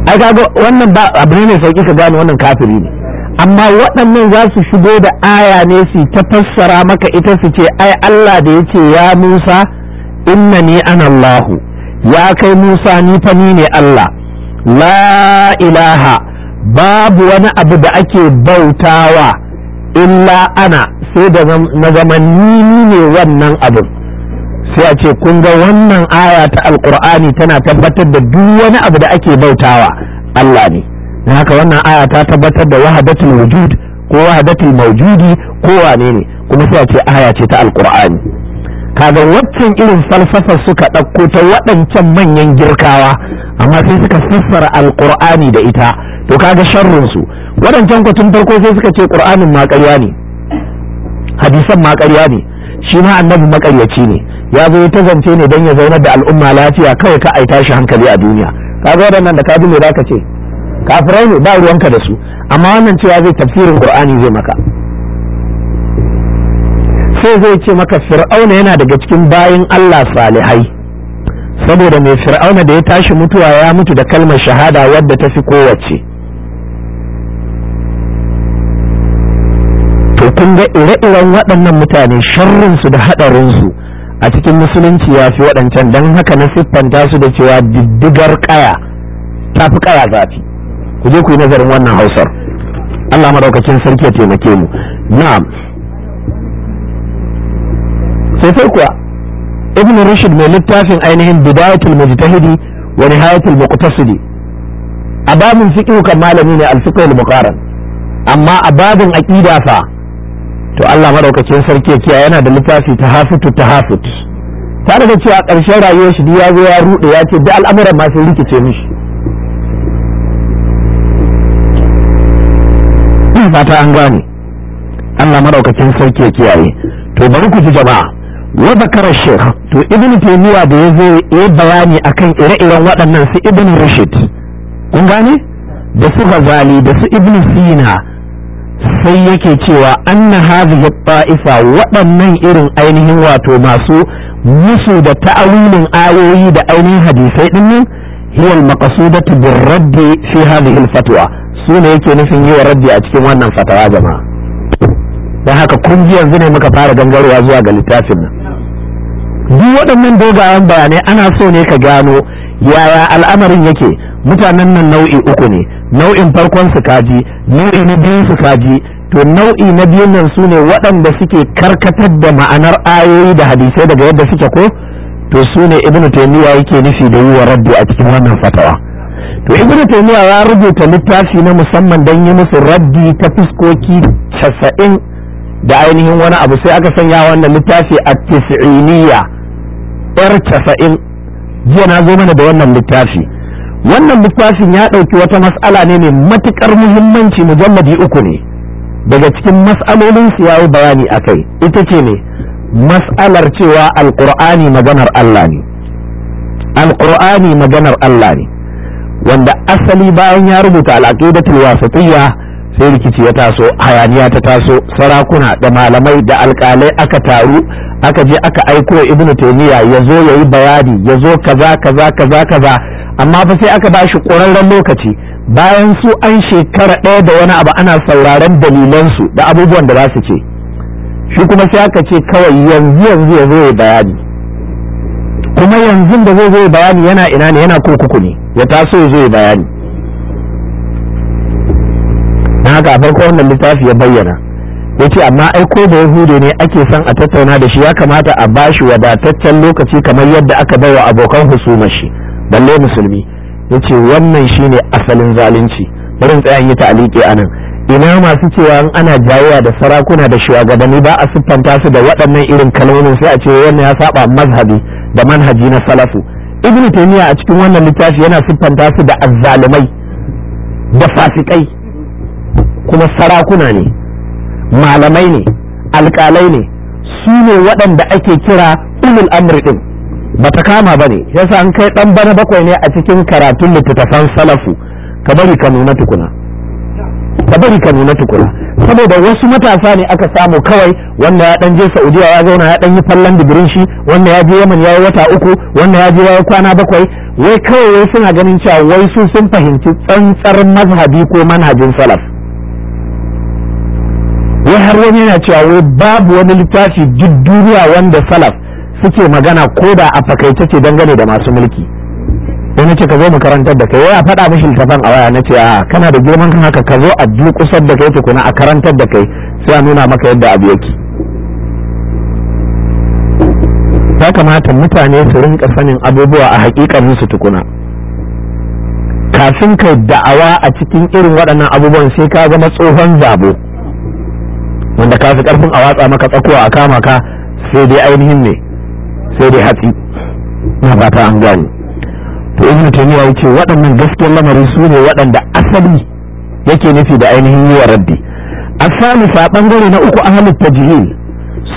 ai kaga wannan ba abu ne mai sauki ka gane wannan kafiri ne amma waɗannan za su shigo da aya ne su ta fassara maka ita su ce ai Allah da yace ya Musa innani ana allah ya kai Musa ni fa ni ne Allah la ilaha babu wani abu da ake bautawa illa ana sai da na zama ne wannan abin sai a ce kun ga wannan aya ta alkur'ani tana tabbatar da duk wani abu da ake bautawa Allah ne na haka wannan aya ta tabbatar da wahadatul wujud ko wahadatul mawjudi ko wane ne kuma sai a ce aya ce ta alkur'ani kaga waccan irin falsafa suka ɗauko ta waɗancan manyan girkawa amma sai suka fassara alkur'ani da ita to kaga sharrin su waɗancan kwatun farko sai suka ce qur'anin ma ƙarya ne hadisan ma ƙarya ne shi ma annabi maƙaryaci ne ya zo ta zance ne don ya zaunar da al'umma lafiya kawai ka aita shi hankali a duniya kaga waɗannan da ka ji me zaka ce kafirai ne ba ruwanka da su amma wannan cewa zai tafsirin qur'ani zai maka sai zai ce maka fir'auna yana daga cikin bayin Allah salihai saboda mai fir'auna da ya tashi mutuwa ya mutu da kalmar shahada wadda ta fi kowace to kun ga ire-iren waɗannan mutane sharrinsu da haɗarinsu a cikin musulunci ya fi waɗancan don haka na siffanta su da cewa diddigar ƙaya ta fi ƙaya zafi ku je ku yi nazarin wannan hausar Allah maɗaukakin sarki ya taimake mu na'am sai kuwa ibn rushd mai littafin ainihin bidayatul mujtahidi wa nihayatul muqtasidi a babin fiqh kan malami ne al-fiqh al-muqaran amma a babin aqida fa to Allah madaukakin sarki ya kiyaye yana da littafi ta hafitu. tare da cewa ƙarshen rayuwar shi ya zo ya rude ya ce da al'amuran ma sun rikice mishi fata an gane Allah madaukakin sarki ya kiyaye to bari ku ji jama'a wa zakara sheikh to ibn taymiya da ya zo ya bayani akan ire-iren waɗannan su ibn rashid kun gane da su ghazali da su ibn sina sai yake cewa an anna hadhihi ta'ifa waɗannan irin ainihin wato masu musu da ta'awilin ayoyi da ainihin hadisai din nan hiya al-maqsudatu bir fi hadhihi al su sune yake nufin yi wa raddi a cikin wannan fatawa jama'a dan haka kun ji yanzu ne muka fara gangarwa zuwa ga littafin nan duk waɗannan dogayen bayanai ana so ne ka gano yaya al'amarin yake mutanen nan nau'i uku ne nau'in farkon su kaji nau'i na biyu su kaji to nau'i na biyun nan su ne waɗanda suke karkatar da ma'anar ayoyi da hadisai daga yadda suke ko to su ne ibnu taymiya yake nufi da yiwa rabbi a cikin wannan fatawa to ibnu taymiya ya rubuta littafi na musamman dan yi musu raddi ta fuskoki casa'in da ainihin wani abu sai aka sanya wannan littafi a tis'iniya yar casa'in jiya na zo mana da wannan littafi wannan littafin ya ɗauki wata mas'ala ne mai matuƙar muhimmanci mujalladi uku ne daga cikin mas'alolin su yayi bayani akai ita ce ne mas'alar cewa alqur'ani maganar Allah ne alqur'ani maganar Allah ne wanda asali bayan ya rubuta al'aqidatul wasatiyya sai rikici ya taso hayaniya ta taso sarakuna da malamai da alƙalai aka taru aka je aka aiko ibnu taymiya ya zo yayi bayani ya zo kaza kaza kaza kaza amma fa sai aka bashi ƙwararren lokaci bayan su an shekara ɗaya da wani abu ana sauraron dalilansu da abubuwan da za su ce shi kuma sai aka ce kawai yanzu yanzu ya zo ya bayani kuma yanzu da zai zo ya bayani yana ina ne yana kurkuku ne ya taso ya zo ya bayani na haka a farko wannan littafi ya bayyana ya ce amma ai ko da yahudu ne ake son a tattauna da shi ya kamata a bashi wadataccen lokaci kamar yadda aka baiwa abokan husumar shi balle musulmi yace wannan shine asalin zalunci barin tsayan yi ta'aliki nan. ina masu cewa ana jayayya da sarakuna da shugabanni ba a siffanta su da waɗannan irin kalmomin sai a ce wannan ya saba mazhabi da manhaji na salafu ibnu taymiya a cikin wannan littafi yana siffanta su da azzalumai da fasikai kuma sarakuna ne malamai ne alƙalai ne su ne waɗanda ake kira ulul amri din ba ta kama ba ne ya sa an kai ɗan bana bakwai ne a cikin karatun littattafan salafu ka bari ka nuna tukuna ka bari ka nuna tukuna saboda wasu matasa ne aka samu kawai wanda ya dan je saudiya ya zauna ya dan yi fallon digirin shi wanda ya je yaman ya yi wata uku wanda ya je ya kwana bakwai wai kawai wai suna ganin cewa wai su sun fahimci tsantsar mazhabi ko manhajin salaf wai har wani yana cewa wai babu wani littafi duk duniya wanda salaf suke magana ko da a fakaice ce dangane da masu mulki sai nace ka zo mu karantar da kai ya faɗa mishi littafin a waya nace a ah, kana da girman kan haka ka zo a kusar da kai tukuna a karantar da kai sai a nuna maka yadda abu yake ya kamata mutane su rinka sanin abubuwa a hakikar su tukuna kafin kai da'awa a cikin irin waɗannan abubuwan sai ka zama tsohon zabo wanda ka fi karfin a watsa maka tsakuwa a kama ka sai dai ainihin ne sai dai hatsi na fata an gane to ibn taymiya yace waɗannan gaskiyar lamari su ne waɗanda asali yake nufi da ainihin yi wa asali fa bangare na uku ahli tajhil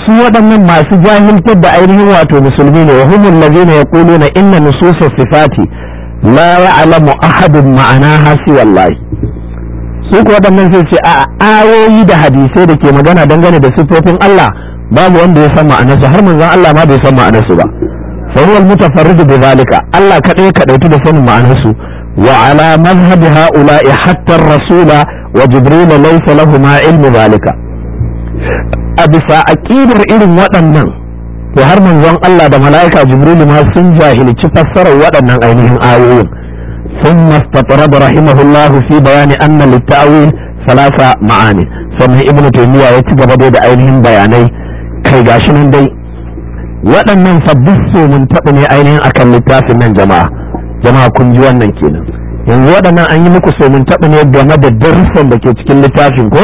su waɗannan masu jahiltar da ainihin wato musulmi ne wa humul ladina yaquluna inna nususa sifati la ya'lamu ahadun ma'anaha wallahi su ko waɗannan sai ce a ayoyi da hadisai da ke magana dangane da sifofin Allah babu wanda ya san ma'anarsu har manzon Allah ma bai san ma'anarsu ba fa huwa al-mutafarrid bi zalika Allah kadai ka dauki da sanin ma'anarsu wa ala madhhab ha'ula'i hatta ar-rasula wa jibril laysa lahumu ilmu zalika a bisa aqidar irin waɗannan to har manzon Allah da mala'ika jibril ma sun jahilci fassarar waɗannan ainihin ayoyin ثم استطرد رحمه الله في بيان أن للتأويل ثلاثة معاني sannan ibn taymiya ya ci gaba da ainihin bayanai kai gashi nan dai waɗannan sabbin so mun taɓa ne ainihin akan littafin nan jama'a jama'a kun ji wannan kenan yanzu waɗannan an yi muku so mun taɓa ne game da darussan da ke cikin littafin ko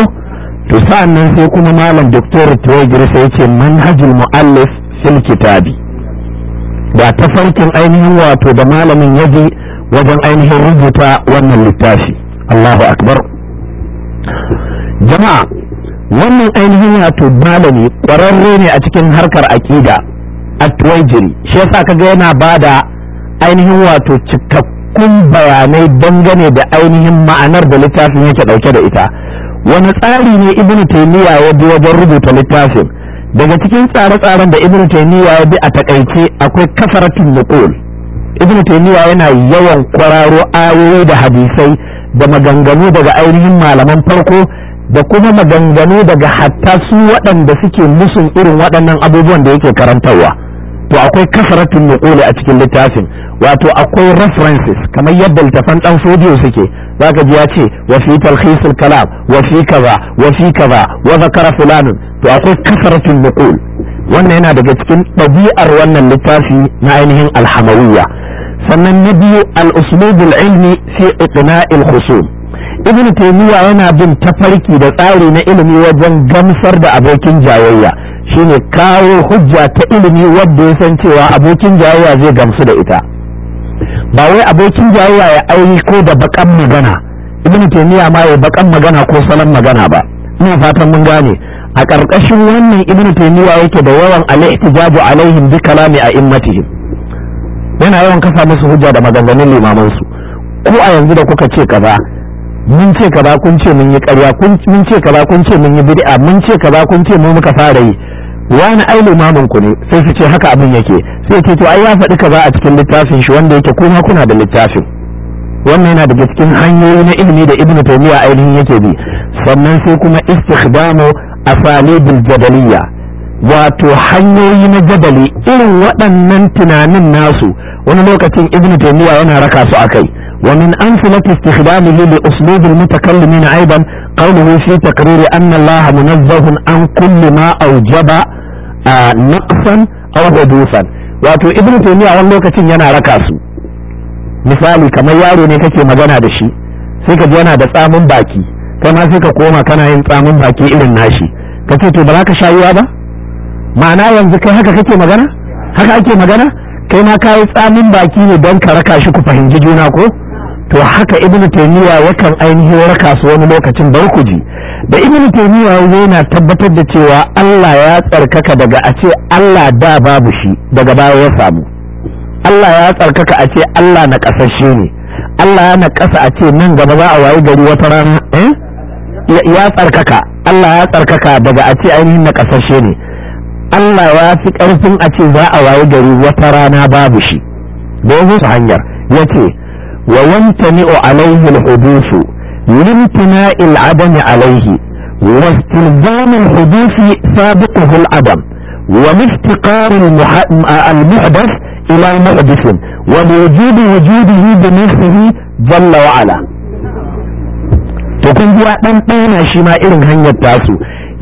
to sa'an nan sai kuma malam doktor tuwagir sai ce manhajul mu'allif fil kitabi da farkin ainihin wato da malamin ya je wajen ainihin rubuta wannan littafi Allahu akbar jama'a wannan ainihin wato malami ƙwararre ne a cikin harkar aƙida a tuwajiri shi yasa kaga yana ba da ainihin wato cikakkun bayanai dangane da ainihin ma'anar da littafin yake ɗauke da ita wani tsari ne ibn taymiya ya bi wajen rubuta littafin daga cikin tsare-tsaren da ibn taymiya ya bi a takaice akwai kasaratun nuqul ibn taymiya yana yawan kwararo ayoyi da hadisai da maganganu daga ainihin malaman farko da kuma maganganu daga hatta su waɗanda suke musun irin waɗannan abubuwan da yake karantarwa to akwai kasaratun nuquli a cikin littafin wato akwai references kamar yadda littafan ɗan fodiyo suke zaka ji ya ce wa fi talhisul kalam wa fi kaza wa fi kaza wa zakara to akwai kasaratun nuqul wannan yana daga cikin ɗabi'ar wannan littafi na ainihin alhamawiyya sannan na biyu al-uslubul ilmi fi iqna'il khusum ibnu taymiya yana bin tafarki da tsari na ilimi wajen gamsar da abokin jayayya shine kawo hujja ta ilimi wanda ya san cewa abokin jayayya zai gamsu da ita ba wai abokin jayayya ya aiki ko da bakan magana ibn taymiya ma ya bakan magana ko salon magana ba ina fatan mun gane a ƙarƙashin wannan ibn taymiya yake da yawan al ihtijaju alaihim bi kalami a'immatihim yana yawan kafa musu hujja da maganganun limamansu ko a yanzu da kuka ce kaza mun ce kaza kun ce mun yi ƙarya mun ce kaza kun ce mun yi bid'a mun ce kaza kun ce mu muka fara yi wani ai limamin ku ne sai su ce haka abin yake sai ke to ai ya faɗi kaza a cikin littafin shi wanda yake kuma kuna da littafin wannan yana daga cikin hanyoyi na ilimi da ibnu taymiya ainihin yake bi sannan sai kuma istikhdamu asalibul jadaliyya wato hanyoyi na jadali irin waɗannan tunanin nasu wani lokacin ibnu taymiya yana raka su akai ومن أمثلة استخدامه لأسلوب المتكلمين أيضا قوله في تقرير أن الله منزه عن كل ما أوجب آه نقصا أو حدوثا wato ibnu taymiya wani lokacin yana raka su misali kamar yaro ne kake magana da shi sai ka yana da tsamin baki kai ma sai ka koma kana yin tsamin baki irin nashi ka ce to ba za ka shayuwa ba ma'ana yanzu kai haka kake magana haka ake magana kai ma ka yi tsamin baki ne don ka raka shi ku fahimci juna ko to haka ibn taymiya yakan ainihin raka su wani lokacin barkuji da ibn taymiya yana tabbatar da cewa Allah ya tsarkaka daga a ce Allah da babu shi daga baya ya samu Allah ya tsarkaka a ce Allah na kasashe ne Allah ya na kasa a ce nan gaba za a wayi gari wata rana eh ya tsarkaka Allah ya tsarkaka daga a ce ainihin na kasashe ne Allah ya fi karfin a ce za a wayi gari wata rana babu shi don su hanyar yace wa yamtani'u alaihi al-hudusu limtina'i adami alaihi واستلزام الحدوث سابقه العدم ولافتقار المحدث الى محدث ولوجود وجوده بنفسه جل وعلا to kun ji dan ɗana shi ma irin hanyar tasu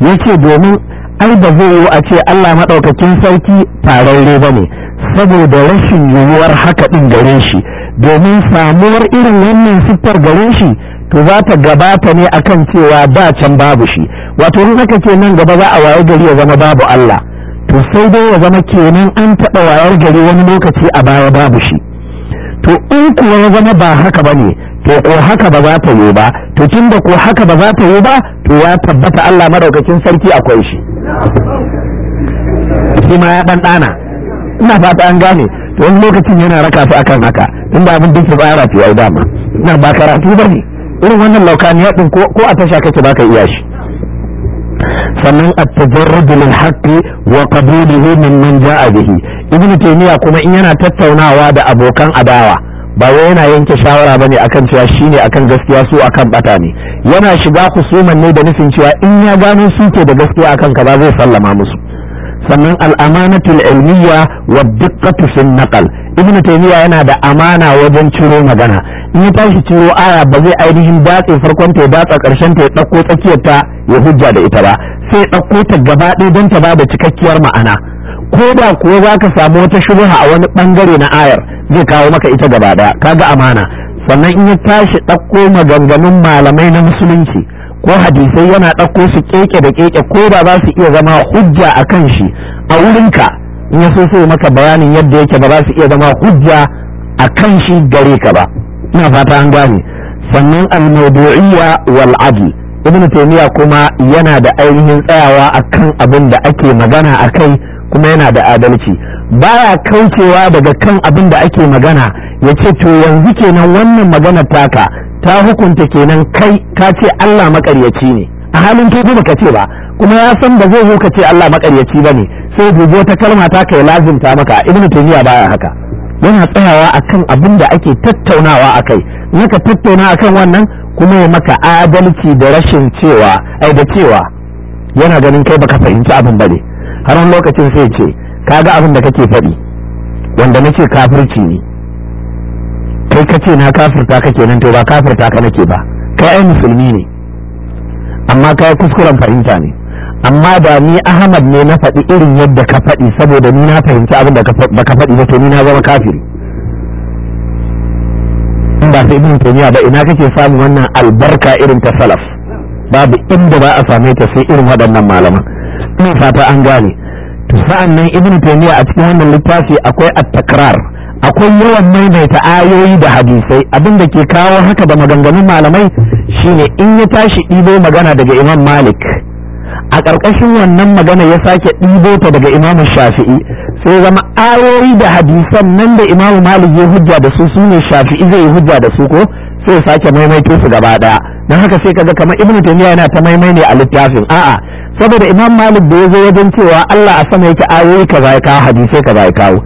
yace domin ai ba zai yi a ce Allah madaukakin sarki fararre bane saboda rashin yiwuwar haka ɗin gare shi domin samuwar irin wannan siffar gare shi to za ta gabata ne akan cewa da can babu shi wato in aka ce nan gaba za a waye gari ya zama babu Allah to sai dai ya zama kenan an taɓa wayar gari wani lokaci a baya babu shi to in kuwa ya zama ba haka ba ne to ko haka ba za ta yi ba to tun da ko haka ba za ta yi ba to ya tabbata Allah madaukakin sarki akwai shi shi ma ya ɗanɗana ina fata an gane to wani lokacin yana raka su akan haka in ba abin dinki ba yana ai dama na ba karatu ba ne irin wannan laukaniya din ko a tasha kake ba ka iya shi sannan at-tajarrud wa haqqi wa qabuluhu man ja'a bihi ibn taymiya kuma in yana tattaunawa da abokan adawa ba wai yana yanke shawara bane akan cewa shine akan gaskiya su akan bata ne yana shiga husuman ne da nufin cewa in ya gano su ke da gaskiya akan ka ba zai sallama musu sannan al-amanatu ilmiyya wa diqqatu fi naqal ibnu taymiya yana da amana wajen ciro magana in ya tashi ciro aya ba zai ainihin datse farkon ta datsa karshen ta ya dauko tsakiyar ta ya hujja da ita ba sai dauko ta gaba ɗaya don ta bada cikakkiyar ma'ana ko da kuwa zaka samu wata shubha a wani bangare na ayar zai kawo maka ita gaba ɗaya kaga amana sannan in ya tashi dauko maganganun malamai na musulunci ko hadisai yana ɗauko su keke da keke ko ba za su iya zama hujja a kan shi a wurinka in ya so sai maka bayanin yadda yake ba za su iya zama hujja a kan shi gare ka ba ina fata an gane sannan al-mawdu'iyya wal adl ibnu taymiya kuma yana da ainihin tsayawa akan abin da ake magana akai kuma yana da adalci baya kaucewa daga kan abin da ake magana ya ce to yanzu kenan wannan magana taka ta hukunta kenan kai ka ce Allah makaryaci ne a halin kai ba ka ce ba kuma ya san ba zai zo ka ce Allah makaryaci ba ne sai gobe wata kalma ta kai lazimta maka ibnu taymiya baya haka yana tsayawa akan abin da ake tattaunawa akai naka tattauna akan wannan kuma ya maka adalci da rashin cewa ai da cewa yana ganin kai baka fahimci abin bane har wani lokacin sai ce kaga abin da kake faɗi wanda nake kafirci ne kai kace na kafirta kake nan to ba kafirta ka nake ba kai ai musulmi ne amma kai kuskuren fahimta ne amma da ni ahmad ne na faɗi irin yadda ka faɗi saboda ni na fahimci abin da ba ka faɗi ba to ni na zama kafiri in ba sai ibn taymiya ba ina kake samun wannan albarka irin ta salaf babu inda ba a same ta sai irin waɗannan malaman in fata an gane to sa'an nan ibn taymiya a cikin wannan littafi akwai at-takrar akwai yawan maimaita ayoyi da hadisai abin da ke kawo haka da maganganun malamai shine in ya tashi ɗibo magana daga imam malik a ƙarƙashin wannan magana ya sake ɗibo ta daga imamu shafi'i sai zama ayoyi da hadisan nan da imamu malik ya hujja da su su ne shafi'i zai yi hujja da su ko sai sake maimaito su gaba ɗaya don haka sai kaga kamar ibnu taymiya yana ta maimai ne a littafin a'a saboda imam malik da ya zo wajen cewa Allah a sama yake ayoyi kaza ya kawo hadisai kaza ya kawo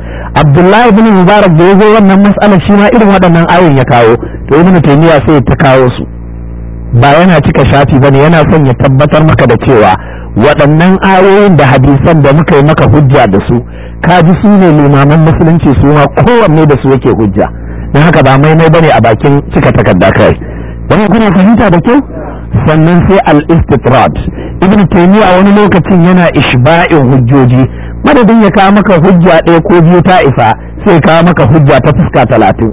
abdullahi ibn mubarak da ya zo wannan mas'ala shi ma irin waɗannan ayoyin ya kawo to ibnu taymiya sai ta kawo su ba yana cika shafi ba ne yana son ya tabbatar maka da cewa waɗannan ayoyin da hadisan da muka yi maka hujja da su ka ji su ne limaman musulunci su ma kowanne da su yake hujja don haka ba maimai ne a bakin cika takarda kai don kuna fahimta da kyau sannan sai al-istitrad ibn taymiya wani lokacin yana ishba'in hujjoji madadin ya kawo maka hujja ɗaya ko biyu ta isa sai kawo maka hujja ta fuska talatin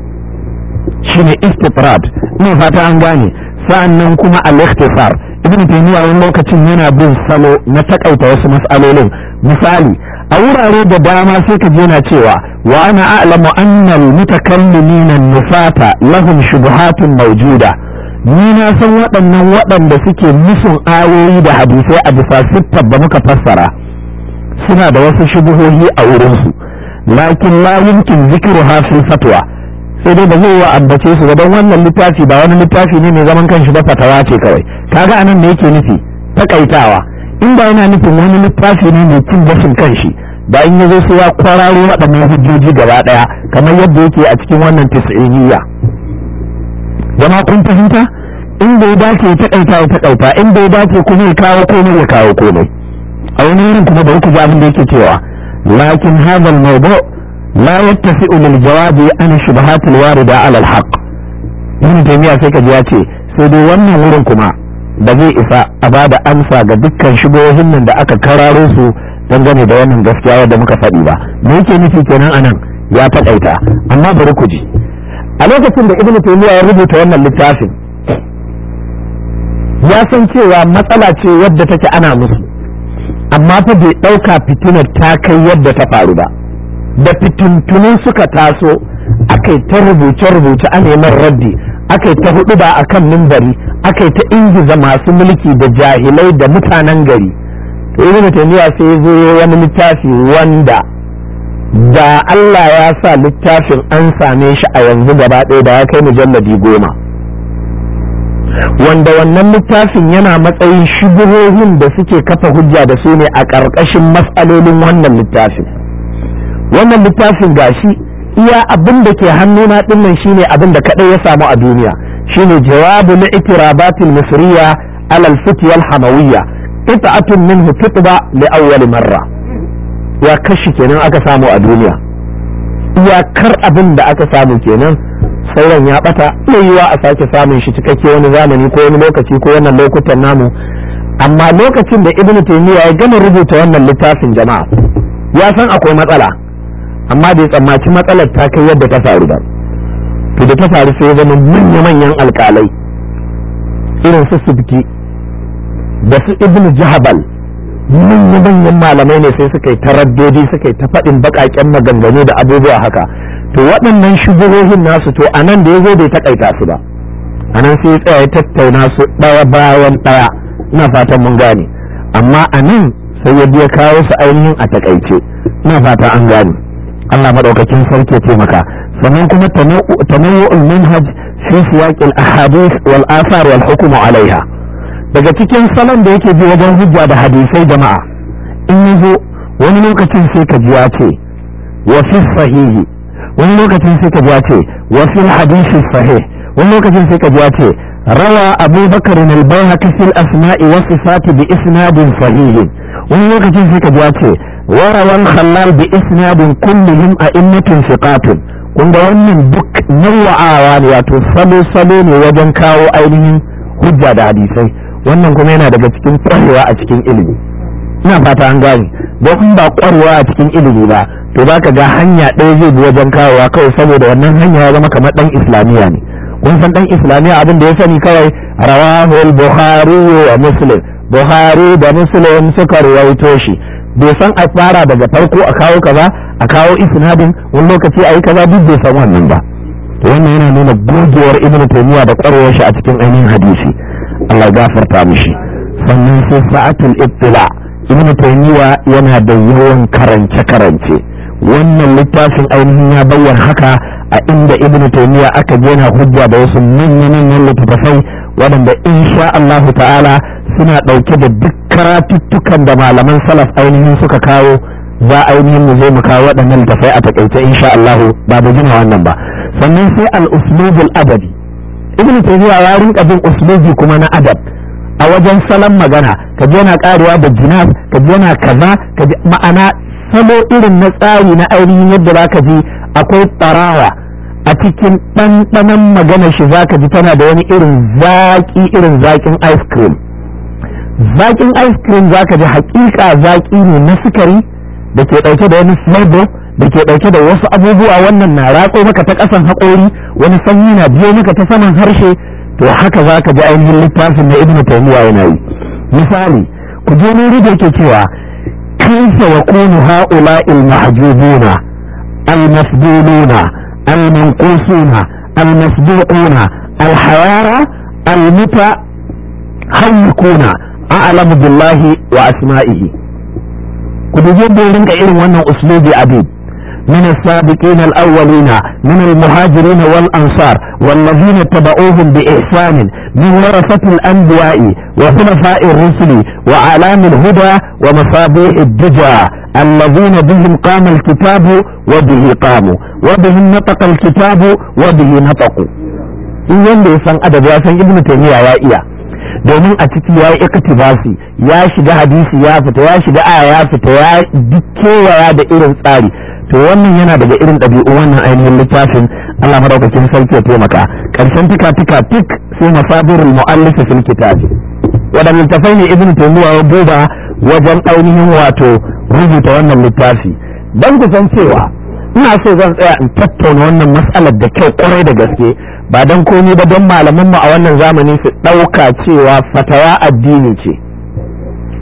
shine istitrad ne fata an gane sa'annan kuma al-ikhtisar ibn taymiya wani lokacin yana bin salo na takaita wasu mas'alolin misali a wurare da dama sai ka yana cewa wa ana a'lamu anna al nufata lahum shubuhatun mawjuda ni na san waɗannan waɗanda suke musun ayoyi da hadisai a bisa sittar da muka fassara suna da wasu shubuhohi a wurinsu lakin la yumkin zikru fi fatwa sai dai ba zai wa ambace su ba don wannan littafi ba wani littafi ne mai zaman kanshi ba fatawa ce kawai kaga anan ne yake nufi takaitawa in ba yana nufin wani littafi ne mai cin basin kanshi da in yazo sai ya kwararo waɗannan hujjoji gaba ɗaya kamar yadda yake a cikin wannan tis'iniya zama kun fahimta in bai dace ya takaita ya takaita in bai dace kuma ya kawo komai ya kawo komai a wani wurin kuma ba ku ji abin da yake cewa lakin hadal mawdu' la yattasi'u lil jawabi an shubahatil warida ala al haqq ibn sai kaji ya ce sai dai wannan wurin kuma da zai isa a ba da amsa ga dukkan shigohin nan da aka kararo su dangane da wannan gaskiya wadda muka faɗi ba me yake nufi kenan anan ya faɗaita amma bari ku ji a lokacin da ibnu taymiya ya rubuta wannan littafin ya san cewa matsala ce wadda take ana musu amma fa bai ɗauka fitinar ta kai yadda ta faru ba da fitintunin suka taso aka yi ta rubuce-rubuce a neman raddi aka yi ta hudu ba a kan mimbari aka yi ta ingiza masu mulki da jahilai da mutanen gari to ibn taymiya sai zo wani littafi wanda da Allah ya sa littafin an same shi a yanzu gaba ɗaya da ya kai mujalladi goma wanda wannan littafin yana matsayin shubuhohin da suke kafa hujja da su ne a ƙarƙashin matsalolin wannan littafin wannan littafin gashi iya abin da ke na dinnan shine abin da kadai ya samu a duniya shine jawabu na itirabatil misriya alal fitiyal hamawiyya qita'atun minhu tutba li awwal marra ya kashi kenan aka samu a duniya iyakar abin da aka samu kenan sauran ya bata yiwuwa a sake samun shi cikakke wani zamani ko wani lokaci ko wannan lokutan namu amma lokacin da ibnu taymiya ya gama rubuta wannan littafin jama'a ya san akwai matsala amma bai tsammaci matsalar ta kai yadda ta faru ba to da ta faru sai zama manya-manyan alkalai irin su subki da su ibnu jahabal manya-manyan malamai ne sai suka yi taraddodi suka yi ta faɗin baƙaƙen maganganu da abubuwa haka to waɗannan shugurohin nasu to a nan da ya zo bai taƙaita su ba a nan sai ya tsaya ya tattauna su ɗaya bayan ɗaya ina fatan mun gane amma a nan sai ya biya kawo su ainihin a taƙaice ina fata an gane Allah madaukakin sarki ya taimaka sannan kuma tanawwu'ul manhaj fi siyaqil ahadith wal athar wal hukm alaiha daga cikin salon da yake bi wajen hujja da hadisai jama'a in yazo wani lokacin sai ka ji ya ce wa fi sahihi wani lokacin sai ka ji ya ce wa fi hadisi sahih wani lokacin sai ka ji ya ce روى أبو bi البيهقي في الأسماء والصفات بإسناد صحيح ونوكتين سيكا ce. warawan khalal bi isnadin kullihim a immatin siqatun kun Kunga wannan duk nawa'awa ne wato salo salo ne wajen kawo ainihin hujja da hadisai wannan kuma yana daga cikin kwarewa a cikin ilimi ina fata an gane kun ba kwarewa a cikin ilimi ba to za ka ga hanya ɗaya zai bi wajen kawowa kawai saboda wannan hanya ya zama kamar ɗan islamiyya ne kun san ɗan islamiyya abin da ya sani kawai rawahul buhari wa muslim buhari da muslim suka rawaito shi bai san a fara daga farko a kawo kaza a kawo isnadin wani lokaci a yi kaza duk bai san wannan ba wannan yana nuna gogewar ibn taymiya da kwarewar shi a cikin ainihin hadisi Allah gafarta mishi sannan sai sa'atul ittila ibn taymiya yana da yawan karance karance wannan littafin ainihin ya bayyana haka a inda ibn taymiya aka je na hujja da wasu manyan manyan littattafai waɗanda insha Allah ta'ala suna ɗauke da duk karatuttukan da malaman salaf ainihin suka kawo za ainihin mu zo mu kawo waɗannan tafai a takaice insha Allah ba da jina wannan ba sannan sai al-uslubul adabi ibnu taymiya ya rinka bin uslubi kuma na adab a wajen salon magana ka ji yana karewa da jinas ka ji yana kaza ka ji ma'ana salo irin na tsari na ainihin yadda za ka ji akwai tsarawa a cikin ɗanɗanon magana shi zaka ji tana da wani irin zaƙi irin zaƙin ice cream zaƙin ice cream zaka ji haƙiƙa zaƙi ne na sukari da ke ɗauke da wani flavor da ke ɗauke da wasu abubuwa wannan na ratso maka ta ƙasan haƙori wani sanyi na biyo maka ta saman harshe to haka zaka ji ainihin littafin na ibnu taymiya yana yi misali ku je wuri da yake cewa kaifa yakunu ha'ula'il mahjubuna al-masduluna المنقوصون المسبوقون الحوارى المتى المتخيقون أعلم بالله وأسمائه ku duje da rinka irin wannan uslubi abin من السابقين الأولين من المهاجرين والأنصار والذين تبعوهم بإحسان من ورثة الأنبياء وخلفاء الرسل وعلام الهدى ومصابيح الدجى الذين بهم قام الكتاب وبه قاموا وبهم نطق الكتاب وبه نطقوا in wanda ya san adab ya san ibnu taymiya ya iya domin a ciki ya yi iktibasi ya shiga hadisi ya fita ya shiga aya ya fita ya kewaya da irin tsari to wannan yana daga irin ɗabi'u wannan ainihin littafin Allah madaukakin sarki ya taimaka karshen tika tika tik sai masadirul mu'allif fil kitab wadannan littafai ne ibnu taymiya ya buba wajen ainihin wato rubuta wannan littafi dan ku cewa ina so zan tsaya in tattauna wannan matsalar da kyau kwarai da gaske ba dan komai ba don malaman mu a wannan zamani su ɗauka cewa fatawa addini ce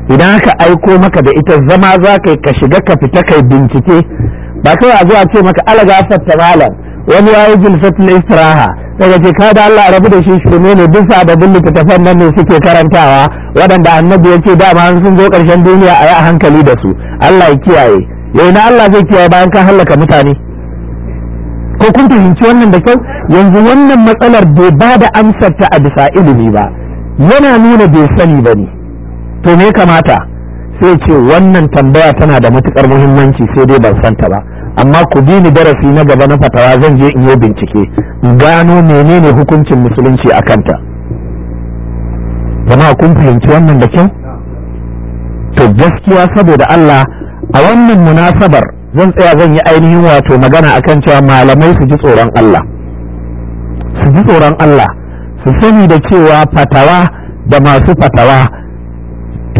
idan aka aiko maka da ita zama za ka ka shiga ka fita kai bincike ba kawai a zuwa ce maka alaga ta malam wani ya yi jilfatul istiraha daga ce ka da Allah rabu da shi shirme ne duk sababbin littattafan nan ne suke karantawa waɗanda annabi ya ce dama an sun zo ƙarshen duniya a yi hankali da su Allah ya kiyaye yau na Allah zai kiyaye bayan ka hallaka mutane ko kun fahimci wannan da kyau yanzu wannan matsalar bai ba da amsar ta a bisa ilimi ba yana nuna bai sani ba ne to me kamata sai ce wannan tambaya tana da matukar muhimmanci sai dai ban santa ba amma ku bi ni darasi na gaba na fatawa zan je in yi bincike in gano menene hukuncin musulunci a kanta jama'a kun fahimci wannan da kyau to gaskiya saboda Allah a wannan munasabar zan tsaya zan yi ainihin wato magana akan cewa malamai su ji tsoron Allah su ji tsoron Allah su sani da cewa fatawa da masu fatawa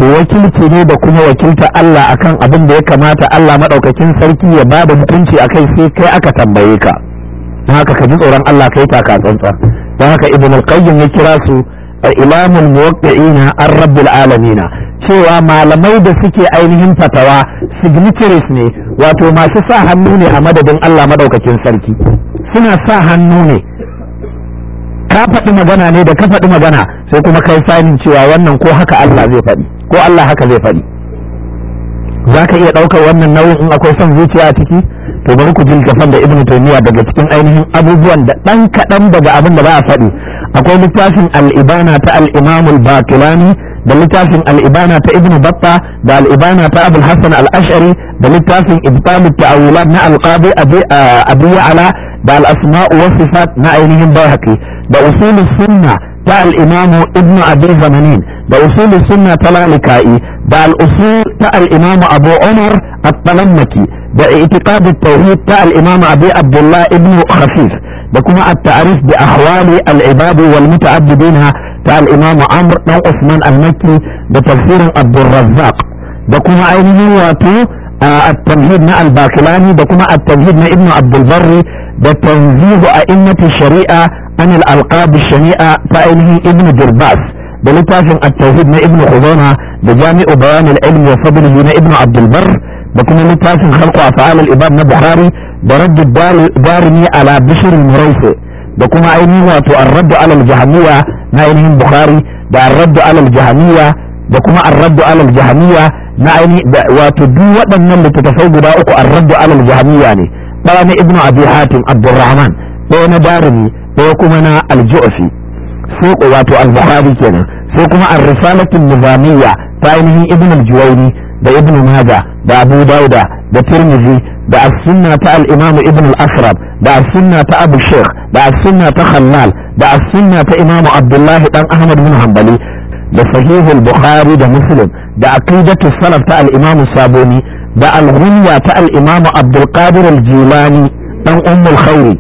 to wakilci ne da kuma wakilta Allah akan abin da ya kamata Allah maɗaukakin sarki ya ba da mutunci a kai sai kai aka tambaye ka don haka ka ji tsoron Allah kai taka tsantsa don haka ibn al-qayyim ya kira su imamul muwaqqi'ina ar rabbul alamin cewa malamai da suke ainihin fatawa signatories ne wato masu sa hannu ne a madadin Allah maɗaukakin sarki suna sa hannu ne ka faɗi magana ne da ka faɗi magana sai kuma kai sanin cewa wannan ko haka Allah zai faɗi ko Allah haka zai faɗi za ka iya ɗaukar wannan nau'in in akwai son zuciya a ciki to bari ku ji da ibnu taymiya daga cikin ainihin abubuwan da ɗan kaɗan daga abin da ba a faɗi akwai littafin al'ibana ta al-imam al-baqilani da littafin al'ibana ta ibnu batta da al'ibana ta abul al ashari da littafin ibtamu ta'awilat na alqabi abu ya'ala da al'asma'u wa sifat na ainihin bayhaqi باصول السنه تاع الامام ابن ابي زمنين باصول السنه طلع لكائي بالاصول تاع الامام ابو عمر التلمكي باعتقاد التوحيد تاع الامام ابي عبد الله ابن خفيف بكما التعريف باحوال العباد والمتعبدين تاع الامام عمرو بن عثمان المكي بتفسير عبد الرزاق بكما عينه آه، واتو التمهيد مع الباقلاني بكما التمهيد مع ابن عبد البري da tanzihu a innati shari'a an al-alqab shani'a fa ainihin ibn dirbas da litafin at-tauhid na ibn khuzaimah da jami'u bayan al-ilm wa fadl na ibn abd al-barr da kuma littafin khalqu af'al al-ibad na bukhari da radd darimi ala bishr al-muraisi da kuma ainihin wato ar-radd ala al-jahmiya na ainihin bukhari da ar-radd ala al-jahmiya da kuma ar-radd ala al-jahmiya na ainihin wato duk waɗannan littattafai guda uku ar-radd ala al-jahmiya ne ɗaya na ibnu abi hatim abdurrahman ɗaya na darimi ɗaya kuma na aljufi sai wato al-bukhari kenan sai kuma ar-risalatu nizamiyya ta ainihin ibn al-juwayni da ibn maja da abu dauda da tirmidhi da as-sunna ta al-imam ibn al-asrab da as-sunna ta abu sheikh da as-sunna ta khallal da as-sunna ta imam abdullahi dan ahmad bin hanbali da sahihul bukhari da muslim da aqidatu salaf ta al-imam sabuni da alhunya ta al'imamu abdulkadir al-jilani dan ummul khawri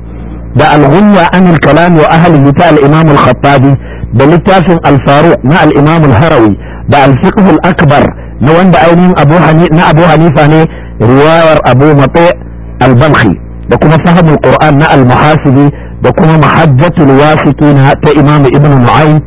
da alhunya an al wa ahlihi ta al-imam al-khattabi da littafin alfaru na al al-harawi da al al-akbar na wanda ainihin abu na abu hanifa ne riwayar abu mate al-balkhi da kuma fahimul qur'an na al-muhasibi da kuma mahajjatul wasiqina ta imam ibn mu'ayyid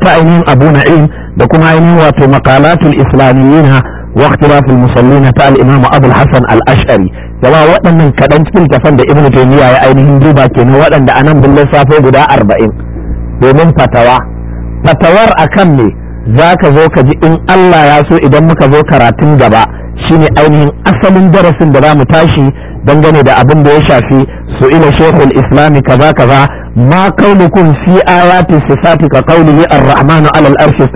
ta ainihin abu na'im da kuma ainihin wato makalatul islamiyyin wa ikhtilaful musallin ta al-imam Abu al-Hasan al-Ash'ari jama'a waɗannan kaɗan cikin tafan da ibnu Taymiyyah ya ainihin duba kenan waɗanda anan bin lissafo guda arba'in domin fatawa fatawar akan ne zaka zo ka ji in Allah ya so idan muka zo karatun gaba shine ainihin asalin darasin da za mu tashi dangane da abin da ya shafi su ila shekul islami kaza kaza ma kaunukun fi ayati sifati ka kaunihi ar rahman alal arshi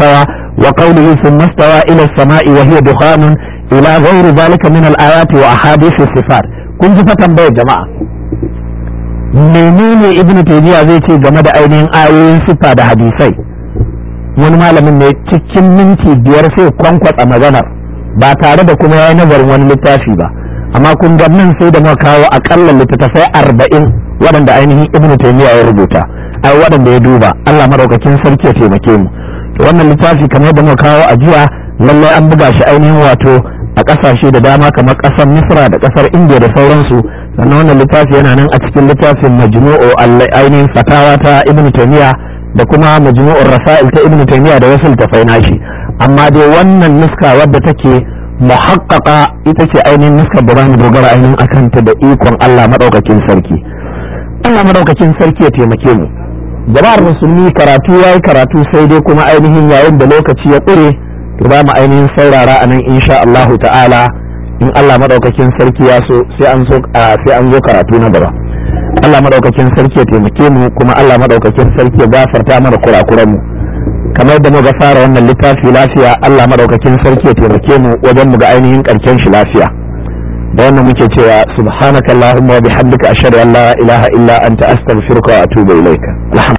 wa qawluhu thumma stawa ila as-sama'i wa hiya dukhanun ila ghairi dhalika min al-ayati wa ahadith sifat kun ji fa tambayar jama'a menene ibnu taymiya zai ce game da ainihin ayoyin sifa da hadisai wani malamin ne cikin minti biyar sai kwankwatsa maganar ba tare da kuma ya nazarin wani littafi ba amma kun ga nan sai da muka kawo akalla littattafai arba'in waɗanda ainihin ibnu taymiya ya rubuta ai waɗanda ya duba Allah madaukakin sarki ya taimake mu wannan littafi kamar da muka kawo a jiya lallai an buga shi ainihin wato a ƙasashe da dama kamar ƙasar misra da ƙasar indiya da sauransu sannan wannan littafi yana nan a cikin littafin majmu'u ainihin fatawa ta ibn taymiya da kuma majmu'u rasail ta ibn taymiya da wasu littafai nashi amma dai wannan nuska wadda take muhaqqaqa ita ce ainihin nuskar da zamu dogara ainihin akanta da ikon Allah madaukakin sarki Allah madaukakin sarki ya taimake mu jama'ar musulmi karatu ya yi karatu sai dai kuma ainihin yayin da lokaci ya ƙure to za mu ainihin saurara a nan insha Allahu ta'ala in Allah madaukakin sarki ya so sai an zo sai an zo karatu na gaba Allah madaukakin sarki ya taimake mu kuma Allah madaukakin sarki ya gafarta mana kurakuran mu kamar da muka fara wannan littafi lafiya Allah madaukakin sarki ya taimake mu wajen mu ga ainihin karshen shi lafiya da wannan muke cewa subhanakallahumma wa bihamdika ashhadu an la ilaha illa anta astaghfiruka wa atubu ilaik